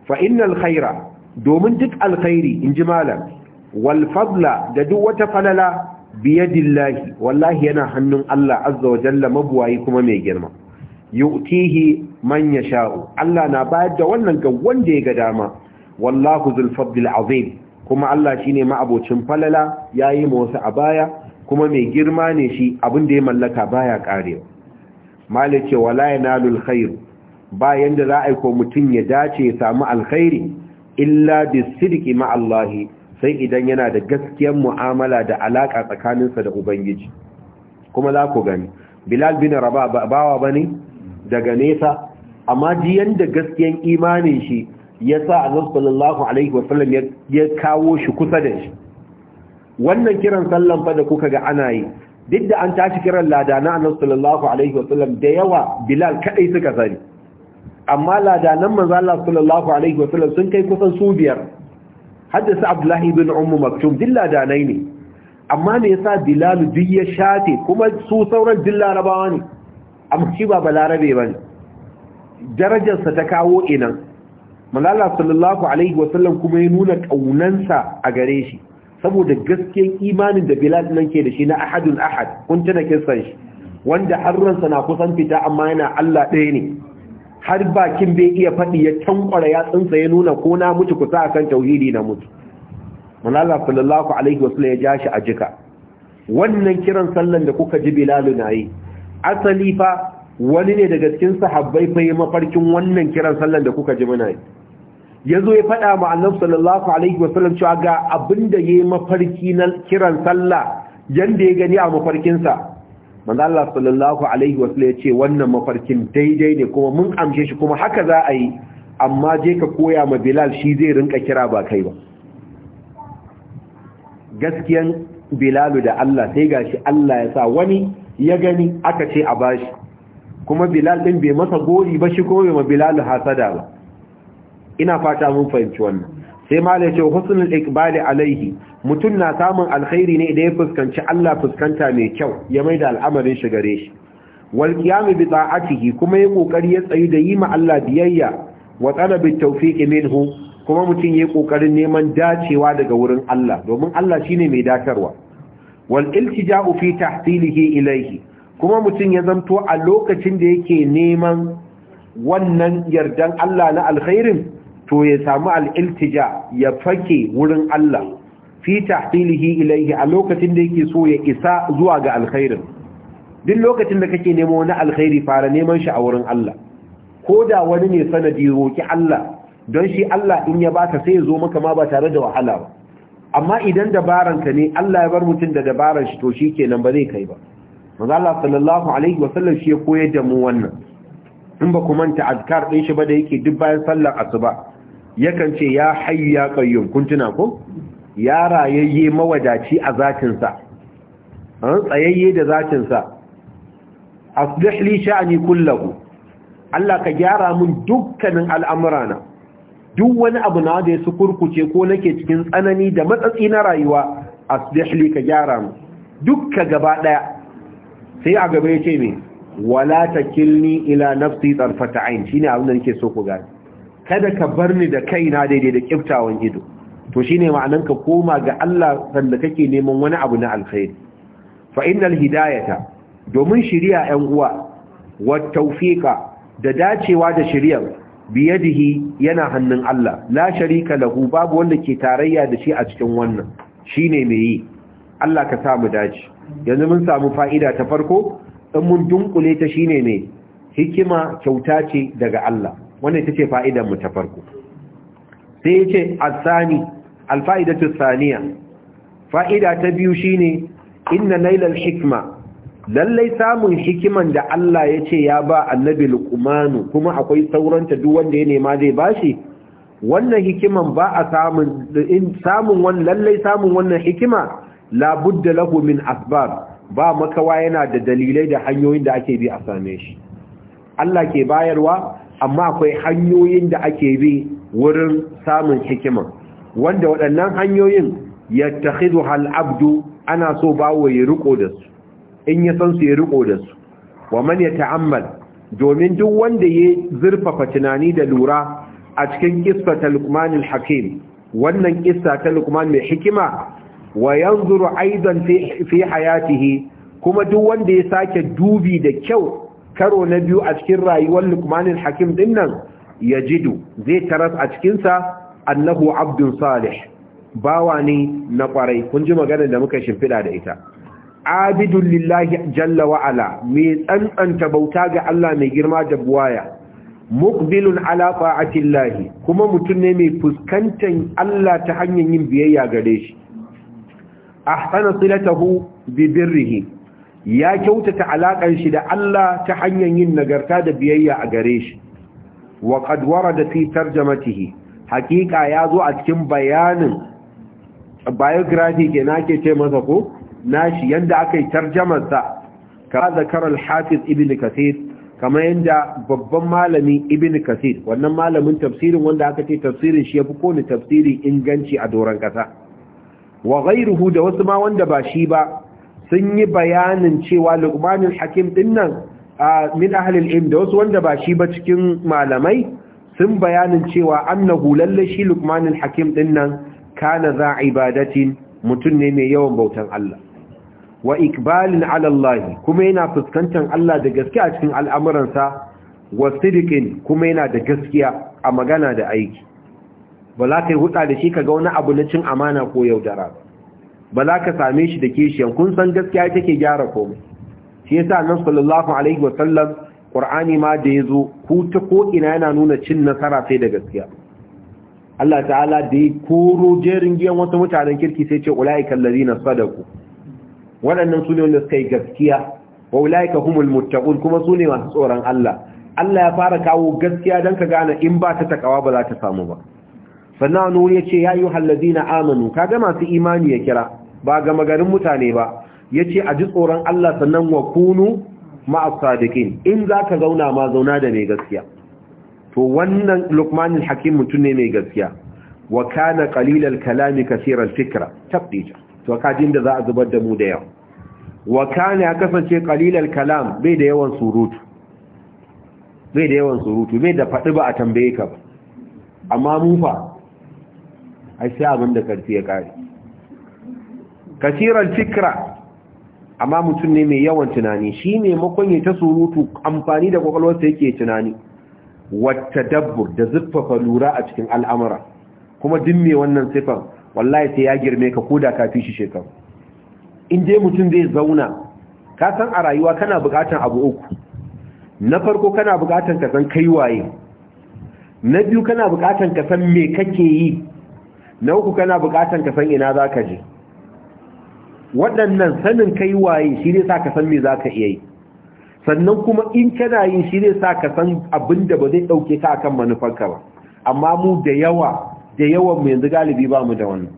fa innal khaira domin duk alkhairi inji malam wal fadla da duk wata falala biyadillahi wallahi yana hannun Allah azza wa jalla mabuwayi kuma mai girma yu'tihi man yasha'u Allah na bayar da wannan ga wanda ya ga dama wallahu zul fadlil azim kuma Allah shine ma'abocin falala yayi ma wasu a baya kuma mai girma ne shi abin da ya mallaka baya karewa malice wala yanalul khair bayan da za a yi ko mutun ya dace ya samu alkhairi illa bisidqi ma Allahi. sai idan yana da gaskiyar mu'amala da alaka tsakaninsa da ubangiji kuma za ku gani bilal bin raba bawa bane daga nesa amma ji yanda gaskiyar imanin shi ya sa annabi sallallahu alaihi wasallam ya kawo shi kusa da shi wannan kiran sallan fa kuka ga ana yi duk da an tashi kiran ladana annabi sallallahu alaihi wasallam da yawa bilal kaɗai suka sani amma ladanan manzala sallallahu alaihi wasallam sun kai kusan su biyar haddasa abdullahi bin ummu maktum dilla da nai ne amma me yasa bilal duk ya shafe kuma su sauran dilla rabawa ne amma ba balarabe ba ne. darajarsa ta kawo inan malala sallallahu alaihi wasallam kuma ya nuna ƙaunansa a gare shi saboda gaskiyar imanin da bilal nan ke da shi na ahadun ahad kun tana kisan shi wanda harransa na kusan fita amma yana Allah ɗaya ne har bakin bai iya faɗi ya tankwara ya tsinsa ya nuna ko na mutu kusa akan tauhidi na mutu manala sallallahu alaihi wasallam ya ja a jika wannan kiran sallan da kuka ji bilalu na yi asali fa wani ne daga cikin sahabbai fa yi mafarkin wannan kiran sallan da kuka ji muna yi ya zo ya faɗa ma annabi sallallahu alaihi wasallam cewa ga abin da ya yi mafarki na kiran sallah yanda ya gani a mafarkinsa manzo Allah sallallahu alaihi wa yace wannan mafarkin daidai ne kuma mun amshe shi kuma haka za a yi amma je ka koya ma Bilal shi zai rinka kira ba kai ba gaskiyan Bilal da Allah sai gashi Allah ya sa wani ya gani aka ce a bashi kuma Bilal din bai masa gori ba shi ko bai ma Bilal hasada ba ina fata mun fahimci wannan sai malai ce husnul iqbali alaihi mutum na samun alkhairi ne idan ya fuskanci Allah fuskanta mai kyau ya mai da al'amarin shi gare shi wal qiyam bi ta'atihi kuma ya kokari ya tsayi da yi ma Allah biyayya wa talab at-tawfiq minhu kuma mutum ya kokarin neman dacewa daga wurin Allah domin Allah shine mai datarwa wal iltija'u fi tahsilihi ilayhi kuma mutum ya zanto a lokacin da yake neman wannan yardan Allah na alkhairin to ya samu al-iltija ya fake wurin Allah fi filihi, ilayhi a lokacin da yake so ya isa zuwa ga alkhairin duk lokacin da kake nemo wani alkhairi fara neman shi a wurin Allah ko da wani ne sanadi roki Allah don shi Allah in ya baka sai ya zo maka ma ba tare da wahala ba amma idan dabaran ka ne Allah ya bar mutum da dabaran shi to shikenan ba zai kai ba manzo Allah sallallahu alaihi wasallam shi ya koyar da mu wannan in ba ku manta azkar din shi ba da yake duk bayan sallar asuba yakan ce ya hayyu ya qayyum kun tuna ko ya rayayye mawadaci a zatinsa an tsayayye da zatinsa asbih li sha'ni kullahu Allah ka gyara mun dukkanin al'amurana duk wani abu na da ya su kurkuce ko nake cikin tsanani da matsatsi na rayuwa asbih li ka gyara mun dukka gaba daya sai a gaba yace me wala takilni ila nafsi tarfata ain shine abin da nake so ku gani kada ka bar ni da kaina daidai da kiftawan ido to shine ma'anan ka koma ga Allah sanda kake neman wani abu na alkhairi fa innal hidayata domin shiriya ƴan uwa wa tawfiqa da dacewa da shiryar biyadihi yana hannun Allah la sharika lahu babu wanda ke tarayya da shi a cikin wannan shine me yi Allah ka samu dace yanzu mun samu fa'ida ta farko in mun dunkule ta shine ne hikima kyauta ce daga Allah wannan ita ce fa'idar mu ta farko sai yace asani alfa'idatu thaniya fa'ida ta biyu shine inna nailal hikma lallai samun hikiman da Allah ya ce ya ba annabi luqmanu kuma akwai sauranta duk wanda ya nema zai bashi wannan hikiman ba a samun samun wannan lallai samun wannan hikima Budda lahu min asbab ba makawa yana da dalilai da hanyoyin da ake bi a same shi Allah ke bayarwa amma akwai hanyoyin da ake bi wurin samun hikima wanda waɗannan hanyoyin ya tahidu abdu ana so bawo ya riko da su in ya san su ya riko da su wa man ya ta'ammal domin duk wanda ya zurfafa tunani da lura a cikin kista ta lukmanin hakim wannan kista ta lukman mai hikima wa yanzuru aidan fi hayatihi kuma duk wanda ya sake dubi da kyau karo na biyu a cikin rayuwar lukmanin hakim din nan yajidu zai taras a cikinsa annahu abdun salih bawa ne na kwarai kun ji magana da muka shimfiɗa da ita abidun lillahi jalla wa'ala mai tsantsanta bauta ga Allah mai girma da buwaya muqbilun ala fa'atillahi kuma mutum ne mai fuskantar Allah ta hanyar yin biyayya gare shi ahsana silatahu bi birrihi ya kyautata alakan shi da Allah ta hanyar yin nagarta da biyayya a gare shi wa qad warada fi tarjamatihi ya zo a cikin bayanin biography ke ce masa ko nashi yadda akai tarjamar sa ka zakara al-hafiz ibn kathir kamar yanda babban malami ibn kathir wannan malamin tafsirin wanda aka ce tafsirin shi yafi kowane tafsirin inganci a doron ƙasa. wa ghayruhu da wasu ma wanda ba shi ba sun yi bayanin cewa luqmanul hakim ɗinnan. min ahlil ilm da wasu wanda ba shi ba cikin malamai sun bayanin cewa annahu lalle shi luqmanul hakim din nan kana za ibadatin mutun ne mai yawan bautan Allah wa ikbalin ala Allah kuma yana fuskantar Allah da gaskiya a cikin al'amuransa wa sidiqin kuma yana da gaskiya a magana da aiki ba za ka yi da shi ka wani abu na cin amana ko yaudara ba za ka same shi da kishiyan kun san gaskiya take gyara komai shi yasa annabi sallallahu alaihi wa sallam qur'ani ma da yazo ku ta ko ina yana nuna cin nasara sai da gaskiya Allah ta'ala da ya koro jerin giyan wasu mutanen kirki sai ce ulaiikal ladina sadaku waɗannan su ne wanda suka yi gaskiya wa ulaiika humul muttaqun kuma su ne masu tsoron Allah Allah ya fara kawo gaskiya dan ka gane in ba ta takawa ba za ta samu ba sannan wani ya ce ya yi hallazina amanu kaga masu imani ya kira ba ga magarin mutane ba Ya ce a ji tsoron Allah sannan wa kunu ma'asadikin in in ka zauna ma zauna da mai gaskiya to wannan lukmanin hakim mutum ne mai gaskiya wa kana qalil kalami Kasirar al-fikra tabdija to kajin da za a zubar da mu da yau wa kana kasance qalil kalam bai da yawan surutu bai da yawan surutu bai da faɗi ba a tambaye ka ba amma mu fa ai sai abin da karfi ya kare Kasirar al-fikra amma mutum ne mai yawan tunani shi ne makonye ta surutu amfani da kwakwalwarsa yake tunani wata dabbur da zuffafa lura a cikin al'amura kuma duk mai wannan sifan wallahi sai ya girme ka koda ka fi shi shekaru in dai mutum zai zauna ka san a rayuwa kana bukatan abu uku na farko kana bukatan ka san kai waye na biyu kana bukatan ka san me kake yi na uku kana bukatan ka san ina za ka je waɗannan sanin kai waye shi ne sa ka san me za ka iya yi sannan kuma in kana yi shi ne sa ka san abin da ba zai ɗauke ka akan manufarka ba amma mu da yawa da yawan mu yanzu galibi ba mu da wannan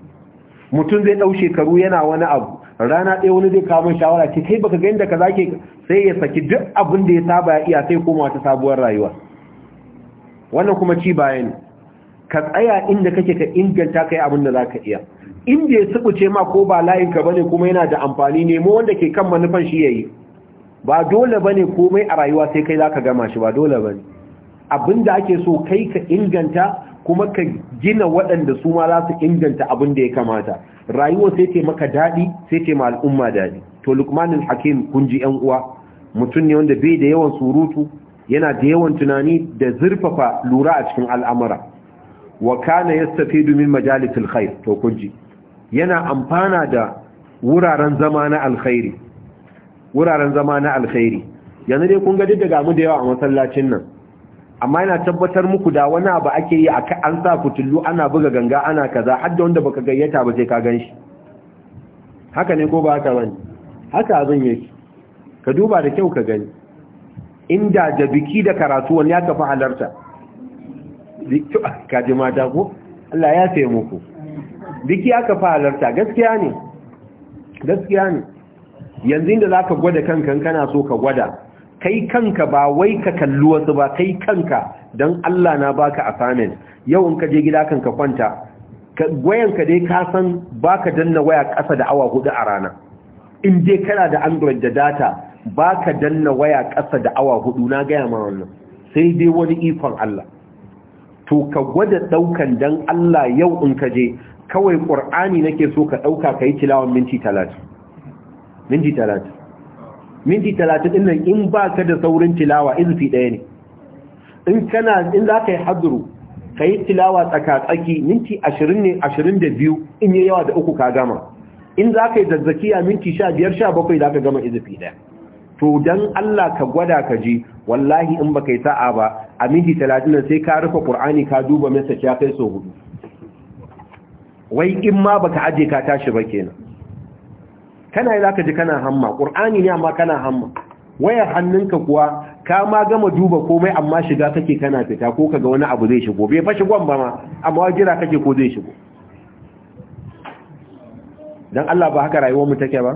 mutum zai ɗau shekaru yana wani abu rana ɗaya wani zai kawo shawara ce kai baka ga inda ka zake sai ya saki duk abin da ya saba ya iya sai koma ta sabuwar rayuwa wannan kuma ci bayan ka tsaya inda kake ka inganta kai abin da zaka iya in ya sukuce ma ko ba layinka bane kuma yana da amfani nemo wanda ke kan manufan shi yayi ba dole bane komai a rayuwa sai kai zaka gama shi ba dole bane abinda ake so kai ka inganta kuma ka gina waɗanda su ma za su inganta abin da ya kamata rayuwa sai ce maka daɗi sai ce ma al'umma daɗi to lukmanin hakim kun ji yan uwa mutum ne wanda bai da yawan surutu yana da yawan tunani da zurfafa lura a cikin al'amura wa kana yastafidu min majalisil khair to kun ji yana amfana da wuraren zama na alkhairi wuraren zama na alkhairi yanzu dai kun ga duk daga mu da yawa a masallacin nan amma yana tabbatar muku da wani abu ake yi aka an sa fitullu ana buga ganga ana kaza har da wanda baka gayyata ba sai ka ganshi haka ne ko ba haka bane haka abin yake ka duba da kyau ka gani inda da biki da karatu wani ya kafa halarta ka ji mata ko Allah ya sayi muku biki aka fa halarta gaskiya ne gaskiya ne yanzu inda ka gwada kanka kana so ka gwada kai kanka ba wai ka kalli wasu ba kai kanka don Allah na baka assignment yau in ka je gida kanka kwanta wayanka dai ka san ka danna waya ƙasa da awa hudu a rana in je kana da android da data ba ka danna waya ƙasa da awa hudu na gaya ma wannan sai dai wani ikon Allah to ka gwada ɗaukan dan Allah yau in ka je kawai ƙur'ani nake so ka ɗauka ka yi tilawan minti talatin minti talatin minti talatin ɗin nan in ba ka da saurin tilawa izufi ɗaya ne in kana in za ka yi haduru ka yi tilawa tsakatsaki minti ashirin ne ashirin da biyu in yi yawa da uku ka gama in za ka yi zazzakiya minti sha biyar sha bakwai za ka gama izufi ɗaya to don Allah ka gwada ka ji wallahi in baka yi sa'a ba a minti talatin sai ka rufe ƙur'ani ka duba message ya kai so hudu wai in ma baka aje ka tashi ba kenan kana yi zaka ji kana hamma qur'ani ne amma kana hamma wayar hannunka kuwa ka ma gama duba komai amma shiga kake kana fita ko kaga wani abu zai shigo bai fashi gwan ba ma amma jira kake ko zai shigo dan Allah ba haka rayuwar mu take ba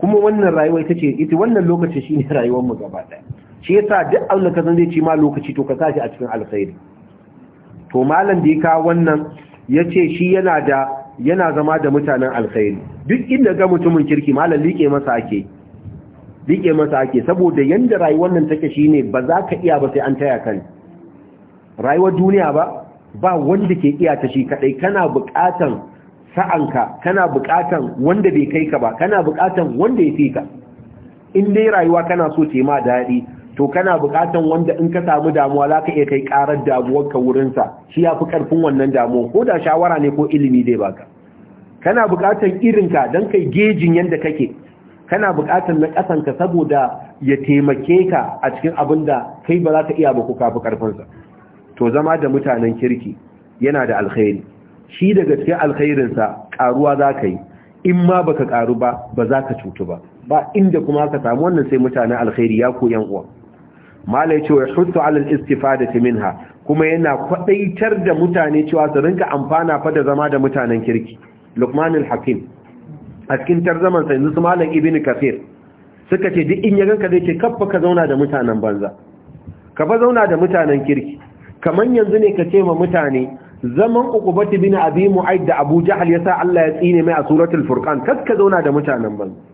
kuma wannan rayuwar ita ce ita wannan lokaci shine rayuwar mu gaba daya shi yasa duk Allah ka san zai ci ma lokaci to ka sa shi a cikin alkhairi to malam da ya kawo wannan ya ce shi yana da yana zama da mutanen alkhairi duk inda ga mutumin kirki malam liƙe masa ake liƙe masa ake saboda yanda rayuwar nan take shine ba za ka iya ba sai an taya kan rayuwar duniya ba ba wanda ke iya ta shi kadai kana buƙatan sa'anka kana buƙatan wanda bai kai ka ba kana buƙatan wanda ya fi ka in dai rayuwa kana so ta yi ma daɗi to kana bukatan wanda in ka samu damuwa za ka iya kai karar damuwar damuwarka wurinsa shi ya fi karfin wannan damuwa ko da shawara ne ko ilimi zai baka kana irin ka don kai gejin yadda kake kana bukatan na kasanka saboda ya taimake ka a cikin abin da kai ba za ka iya ba ku kafi karfinsa to zama da mutanen kirki yana da alkhairi shi daga cikin alkhairinsa karuwa za ka yi in ma baka karu ba ba za ka cutu ba ba inda kuma ka samu wannan sai mutanen alkhairi ya koyan uwa mala ya ce wa hutu alal ta minha kuma yana kwadaitar da mutane cewa su rinka amfana fa da zama da mutanen kirki Luqman hakim a cikin tarzaman sa yanzu malam Ibn kafir suka ce duk in ya ganka zai ce kaffa ka zauna da mutanen banza ka fa zauna da mutanen kirki kaman yanzu ne ka ce ma mutane zaman ukubati bin abi mu'aid da abu jahl yasa Allah ya tsine mai a suratul furqan kaska zauna da mutanen banza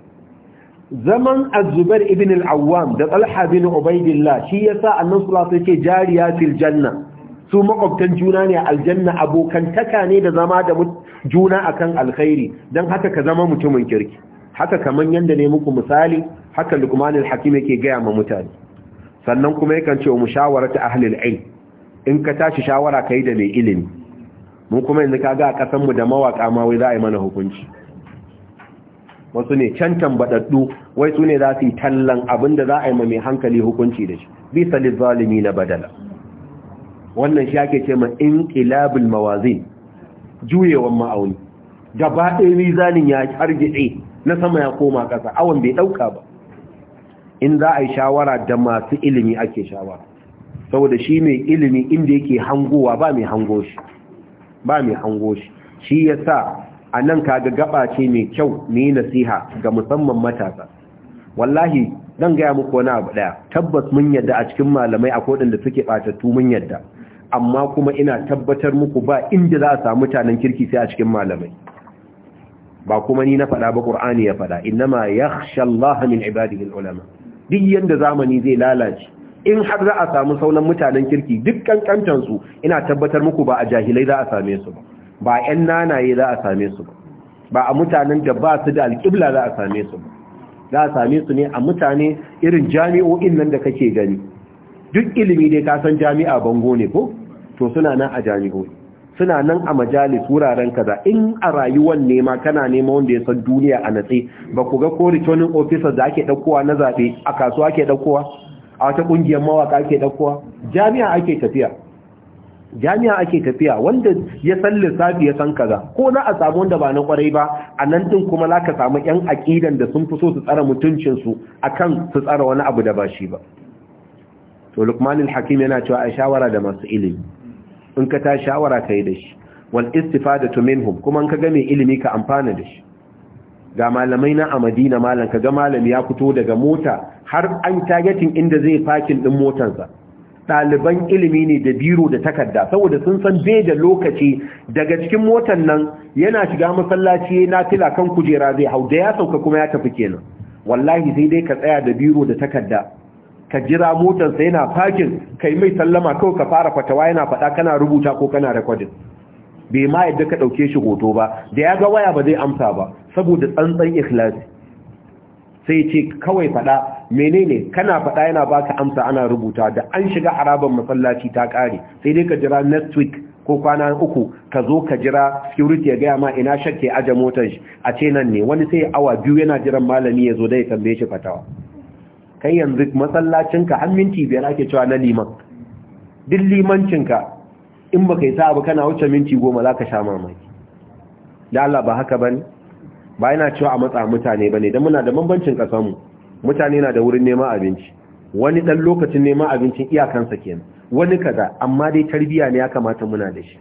zaman azubar ibn al-awwam da talha bin ubaidillah shi yasa annan sulasa ke jariya fil janna su makwabtan juna ne aljanna abokantaka ne da zama da juna akan alkhairi don haka ka zama mutumin kirki haka kaman yanda ne muku misali haka lukman al-hakim yake gaya ma mutane sannan kuma yakan ce mushawaratu ahli al-ilm in ka tashi shawara kai da mai ilimi mun kuma yanzu kaga a kasan mu da mawaka ma wai za a yi mana hukunci wasu ne can tambadaddu wai su ne za su yi tallan abin da za a yi ma mai hankali hukunci da shi bisa lizalimi na badala wannan shi ake ce ma in inqilabul mawazin juyewan ma'auni gaba ɗaya rizalin ya hargitse na sama ya koma ƙasa awon bai ɗauka ba in za a yi shawara da masu ilimi ake shawara saboda shi mai ilimi inda yake hangowa ba mai hango ba mai hango shi shi yasa a nan kaga gaba ce mai kyau mu yi nasiha ga musamman matasa wallahi zan gaya muku wani abu daya tabbas mun yadda a cikin malamai a kodin da suke batattu mun yadda amma kuma ina tabbatar muku ba inda za a samu mutanen kirki sai a cikin malamai ba kuma ni na faɗa ba ƙur'ani ya faɗa innama yakhsha Allah min ibadihi ulama duk yanda zamani zai lalace in har za a samu saunan mutanen kirki duk kankantan su ina tabbatar muku ba a jahilai za a same su ba ba 'yan nanaye za a same su ba a mutanen da ba su da alƙibla za a same su ba za a same su ne a mutane irin jami'o'in nan da kake gani duk ilimi dai ka san jami'a bango ne ko to suna nan a jami'o'i suna nan a majalis wuraren kaza in a rayuwar nema kana nema wanda ya san duniya a natsi ba ku ga ko returning officer da ake ɗaukowa na zaɓe a kasuwa ake ɗaukowa a wata ƙungiyar mawaƙa ake ɗaukowa jami'a ake tafiya jami'a ake tafiya wanda ya san lissafi ya san kaza ko za a samu wanda ba na kwarai ba a nan din kuma za ka samu yan aƙidan da sun fi so su tsara mutuncinsu akan su tsara wani abu da ba shi ba to lukmanin hakim yana cewa a shawara da masu ilimi in ka ta shawara ka yi da shi wal Tumin hum kuma in ka ga mai ilimi ka amfana da shi ga malamai na a madina malam ka ga malami ya fito daga mota har an tagetin inda zai fakin ɗin motansa. ɗaliban ilimi ne da biro da takarda saboda sun san bai da lokaci daga cikin motan nan yana shiga masallaci na fila kan kujera zai hau da ya sauka kuma ya tafi kenan wallahi sai dai ka tsaya da biro da takarda ka jira motarsa yana fakin kai mai sallama kawai ka fara fatawa yana faɗa kana rubuta ko kana rekodin bai ma yadda ka ɗauke shi hoto ba da ya ga waya ba zai amsa ba saboda tsantsan ikhlasi sai ce kawai faɗa menene kana faɗa yana baka amsa ana rubuta da an shiga harabar masallaci ta kare sai dai ka jira next week ko kwana uku ka zo ka jira security ya gaya ma ina shakke aje motar shi a ce nan ne wani sai awa biyu yana jiran malami ya zo da ya tambaye shi fatawa kai yanzu masallacinka har minti biyar ake cewa na liman duk limancinka in baka yi sa'a ba kana wuce minti goma za ka sha mamaki da Allah ba haka bane ba yana cewa a matsa mutane ba ne don muna da bambancin kasanmu mutane na da wurin neman abinci wani ɗan lokacin neman abincin iyakansa kenan wani kaza amma dai tarbiya ne ya kamata muna da shi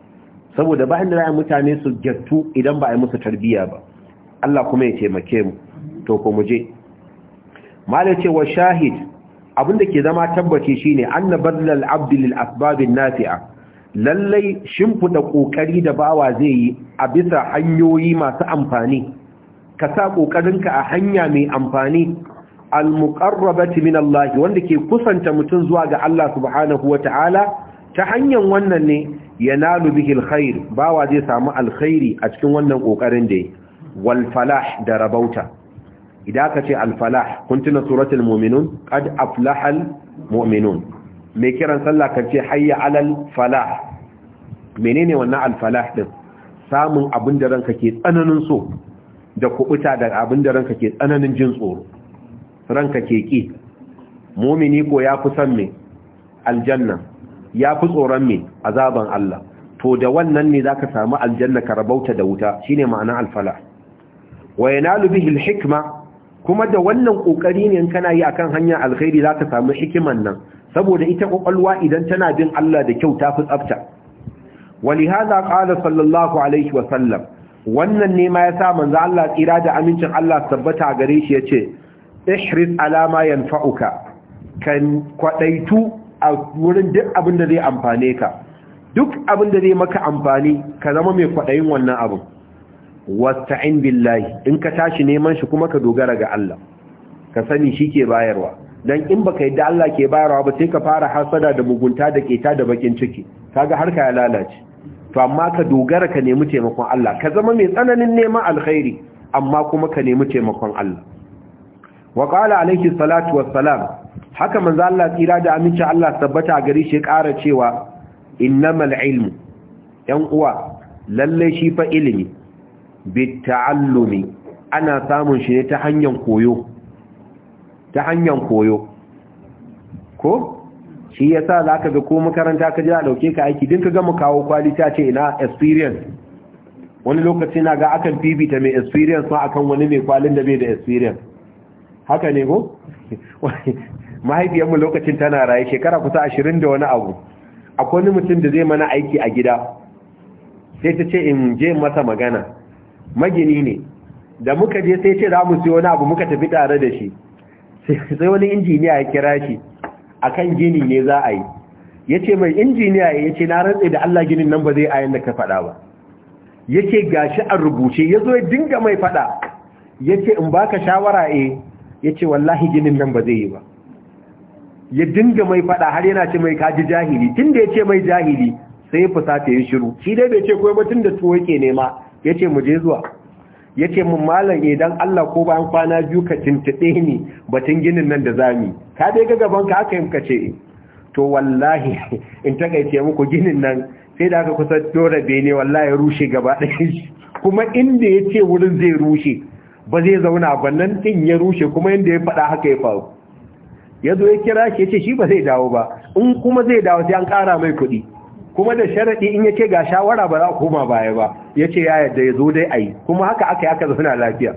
saboda ba inda ra'ayin mutane su gyattu idan ba a yi musu tarbiya ba Allah kuma ya taimake mu to ko mu je malai ce wa shahid da ke zama tabbaci shine anna badlal abdi lil asbabin nafi'a lallai shimfida kokari da bawa zai yi a bisa hanyoyi masu amfani ka sa ƙoƙarinka a hanya mai amfani al-muqarrabati min Allah wanda ke kusanta mutum zuwa ga Allah subhanahu wata'ala ta hanyar wannan ne yanalu bihi khair bawa zai samu alkhairi a cikin wannan ƙoƙarin da yi wal falah da rabauta idan ka ce al falah kuntuna suratul mu'minun qad aflahal mu'minun mai kiran sallah kan ce hayya alal falah menene wannan al falah din samun abin da ranka ke tsananin so da kubuta da abin da ranka ke tsananin jin tsoro ranka ke ki mumini ko ya fi san me aljanna ya fi tsoron me azaban Allah to da wannan ne zaka samu aljanna ka rabauta da wuta shine ma'ana alfala wa yanalu bihi alhikma kuma da wannan kokari ne kana yi akan hanya alkhairi zaka samu hikiman nan saboda ita kokalwa idan tana bin Allah da kyau ta fi tsafta ولهذا قال صلى الله عليه وسلم wannan ne ma sa manzo Allah tsira da amincin Allah tabbata gare shi yace ihris ala ma yanfa'uka kan kwadaitu a wurin duk abin da zai amfane ka duk abin da zai maka amfani ka zama mai kwadayin wannan abin wasta'in billahi in ka tashi neman shi kuma ka dogara ga Allah ka sani shi ke bayarwa dan in baka yadda Allah ke bayarwa ba sai ka fara hasada da mugunta da keta da bakin ciki kaga har ka ya lalace to amma ka dogara ka nemi taimakon Allah ka zama mai tsananin neman alkhairi amma kuma ka nemi taimakon Allah wa qala alayhi salatu wassalam haka manzo Allah tsira da aminci Allah tabbata gari shi ƙara cewa innamal ilmu yan uwa lalle shi fa ilimi bitallumi ana samun shi ne ta hanyar koyo ta hanyar koyo ko shi yasa zaka ga ko makaranta ka je a dauke ka aiki din ka ga mu kawo kwalita ta ce ina experience wani lokaci na ga akan bibita mai experience ma akan wani mai kwalin da bai da experience haka ne ko mahaifiyarmu lokacin tana raye shekara kusa ashirin da wani abu akwai wani mutum da zai mana aiki a gida sai ta ce in je masa magana magini ne da muka je sai ce za mu siyo wani abu muka tafi tare da shi sai wani injiniya ya kira shi akan gini ne za a yi yace mai injiniya yace na rantse da Allah ginin nan ba zai ayin da ka faɗa ba yace gashi a rubuce yazo ya dinga mai faɗa yace in baka shawara eh yace wallahi ginin nan ba zai yi ba ya dinga mai faɗa har yana ce mai kaji jahili tunda yace mai jahili sai ya fusata ya shiru shi dai bai ce koyi ba da tuwo yake nema yace mu je zuwa ya ce mun malam idan eh, Allah ko bayan kwana biyu ka tintiɗe ni batun ginin nan da zami ka dai ga gaban ka aka yi ce to wallahi in gaice muku ginin nan sai da aka kusa dora bene wallahi ya rushe gaba ɗaya kuma inda ya wurin zai rushe ba zai zauna ba nan ɗin ya rushe kuma inda ya faɗa haka ya faru ya zo ya kira shi ya ce shi ba zai dawo ba in kuma zai dawo sai an ƙara mai kuɗi kuma da sharaɗi in yake ga shawara ba za a koma baya ba Ya ce ya yadda ya zo dai ayi kuma haka aka yi aka na lafiya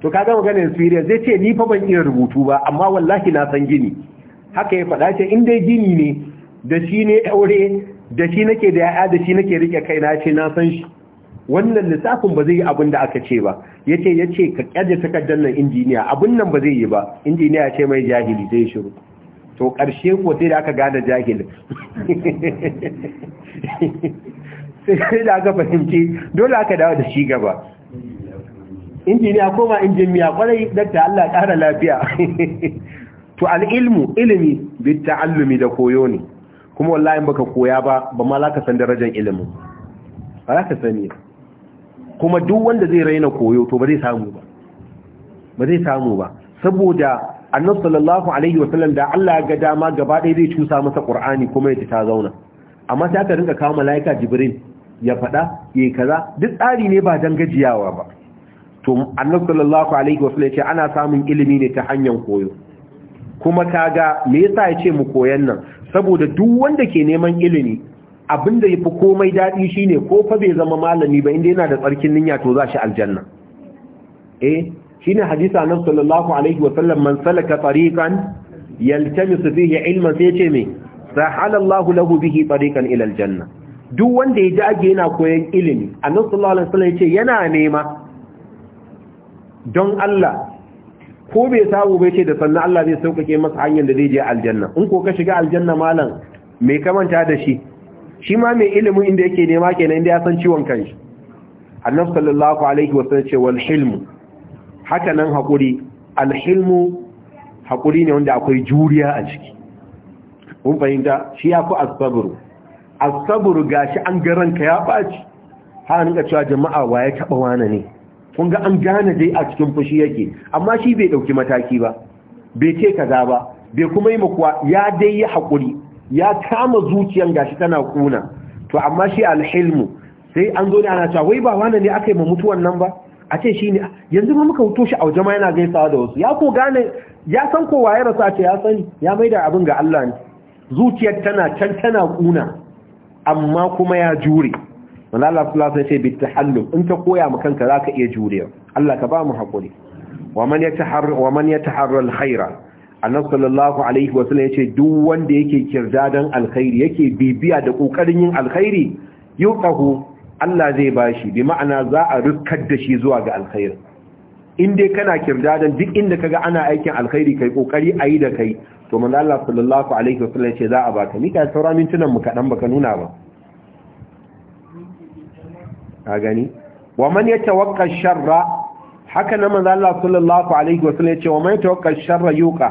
to kaga maganar experience zai ce ni fa ban iya rubutu ba amma wallahi na san gini haka ya faɗa ce in dai gini ne da shi ne aure da shi nake da ya'ya da shi nake rike kai na ce na san shi wannan lissafin ba zai yi abin da aka ce ba Ya yace yace ka kyaje takardar nan injiniya abin nan ba zai yi ba injiniya ce mai jahili zai shiru to ƙarshe ko sai da aka gane jahilin sai da aka fahimci dole aka dawo da shi gaba injiniya koma injiniya kwarai dakta Allah ƙara lafiya to al'ilmu ilimi bi ta'allumi da koyo ne kuma wallahi baka koya ba ba ma za ka san darajar ilimin ba za ka sani kuma duk wanda zai raina koyo to ba zai samu ba ba zai samu ba saboda annabi sallallahu alaihi wasallam da Allah ga dama gaba ɗaya zai cusa masa qur'ani kuma ya ta zauna amma sai aka rinka kawo malaika jibril ya faɗa yayi kaza duk tsari ne ba dan gajiyawa ba to annabi sallallahu alaihi wasallam ya ce ana samun ilimi ne ta hanyar koyo kuma kaga me yasa ya ce mu koyan nan saboda duk wanda ke neman ilimi abinda yafi komai dadi shine ko fa bai zama malami ba inda yana da tsarkin niyya to za shi aljanna eh shine hadisi annabi sallallahu alaihi wa sallam man salaka tariqan yaltamisu fihi ilman sai ce me sahala Allahu lahu bihi tariqan ila aljanna duk wanda ya ji age yana koyon ilimi annabi sallallahu alaihi wa sallam yace yana nema don Allah ko bai samu bai ce da sannan Allah zai sauƙaƙe masa hanyar da zai je aljanna in ko ka shiga aljanna malam mai kamanta da shi shi ma mai ilimin inda yake nema kenan inda ya san ciwon kanshi annabi sallallahu alaihi wasallam ce wal hilmu haka nan haƙuri alhilmu haƙuri ne wanda akwai juriya a ciki mun fahimta shi ya ku asaburu ga gashi an garanka ka ya ɓaci an nika cewa jama'a wa ya taɓa wani ne kun ga an gane dai a cikin fushi yake amma shi bai ɗauki mataki ba bai ce kaza ba bai kuma yi makuwa ya dai yi hakuri. ya kama zuciyan gashi tana kuna to amma shi alhilmu sai an zo ne ana cewa wai ba wani ne aka yi ma mutuwan nan ba a ce shi ne yanzu muka hutu shi a waje ma yana gaisawa da wasu ya ko gane ya san kowa ya rasa ce ya sani ya maida abin ga Allah ne zuciyar tana can tana kuna amma kuma ya jure wala Allah sallallahu alaihi wasallam ce tahallul in ta koya maka kanka zaka iya jurewa Allah ka ba mu hakuri wa man yataharra wa man yataharra alkhaira annabi sallallahu alaihi wasallam yace duk wanda yake kirdadan alkhairi yake bibiya da kokarin yin alkhairi yuqahu Allah zai ba shi bi ma'ana za a rukar da shi zuwa ga alkhairi in dai kana kirdadan duk inda kaga ana aikin alkhairi kai kokari ayi da kai to manzo Allah sallallahu alaihi wasallam ce za a baka ni ka saura mintunan mu kadan baka nuna ba a gani wa man yatawakka sharra haka nan manzo Allah sallallahu alaihi wasallam ce wa man yatawakka sharra yuqa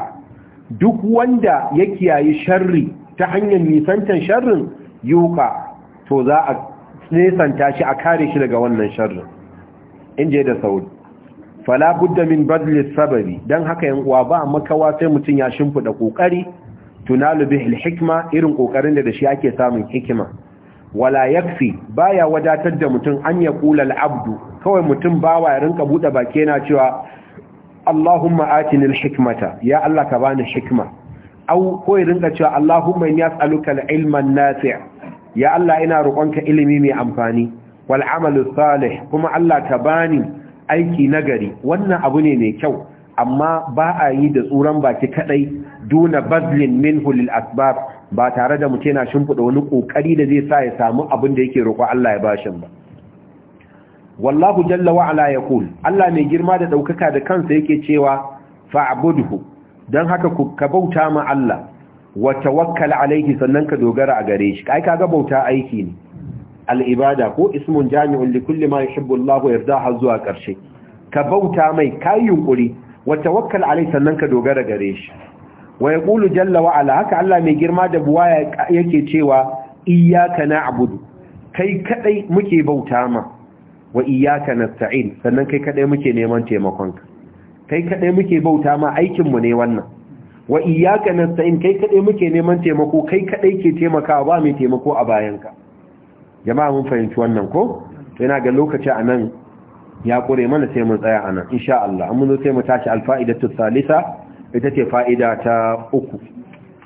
duk wanda ya kiyaye sharri ta hanyar nisantan sharrin yuqa to za a nesanta shi a kare shi daga wannan sharrin je da sauri fala budda min badli sababi dan haka yan uwa ba makawa sai mutun ya shimfida kokari tunalu bihil hikma irin kokarin da da shi ake samun hikima wala yakfi baya wadatar da mutun an ya kula al-abdu kawai mutun bawa ya rinka bude baki yana cewa Allahumma atini al-hikmata ya Allah ka bani hikma au ko ya rinka cewa Allahumma inni as'aluka al-ilma an-nafi' ya Allah ina roƙonka ilimi mai amfani wal amalu salih kuma Allah ka bani aiki nagari wannan abu ne mai kyau amma ba a yi da tsuran baki kadai duna bazlin minhu lil asbab ba tare da mutum yana shimfida wani kokari da zai sa ya samu abin da yake roƙo Allah ya bashin ba wallahu jalla wa ala yaqul Allah mai girma da daukaka da kansa yake cewa fa'budhu dan haka ku kabauta bauta ma Allah Wata wakkal alaihi sannan ka dogara a gare shi kai kaga bauta aiki ne al-ibada ko ismun jami'un li kulli ma yuhibbu Allahu zuwa karshe ka bauta mai kai yunkuri Wata wakkal alaihi sannan ka dogara gare shi wa yaqulu jalla wa ala haka Allah mai girma da buwa yake cewa iyyaka na'budu kai kadai muke bauta ma wa iyyaka nasta'in sannan kai kadai muke neman taimakonka kai kadai muke bauta ma aikin mu ne wannan wa iyaka nasta'in kai kadai muke neman taimako kai kadai ke taimakawa ba mai taimako a bayan ka. jama'a mun fahimci wannan ko to ina ga lokaci anan ya kure mana sai mu tsaya anan insha Allah mun zo sai mu tashi alfa'idatu salisa ita ce fa'ida ta uku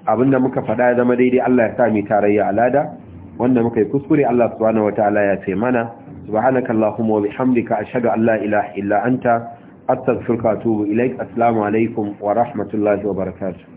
abinda muka faɗa ya zama daidai Allah ya sa mu tarayya alada wanda muka yi kuskure Allah subhanahu wataala ya ce mana subhanakallahumma wa bihamdika ashhadu an la ilaha illa anta astaghfiruka wa atubu ilaik assalamu alaikum wa rahmatullahi wa barakatuh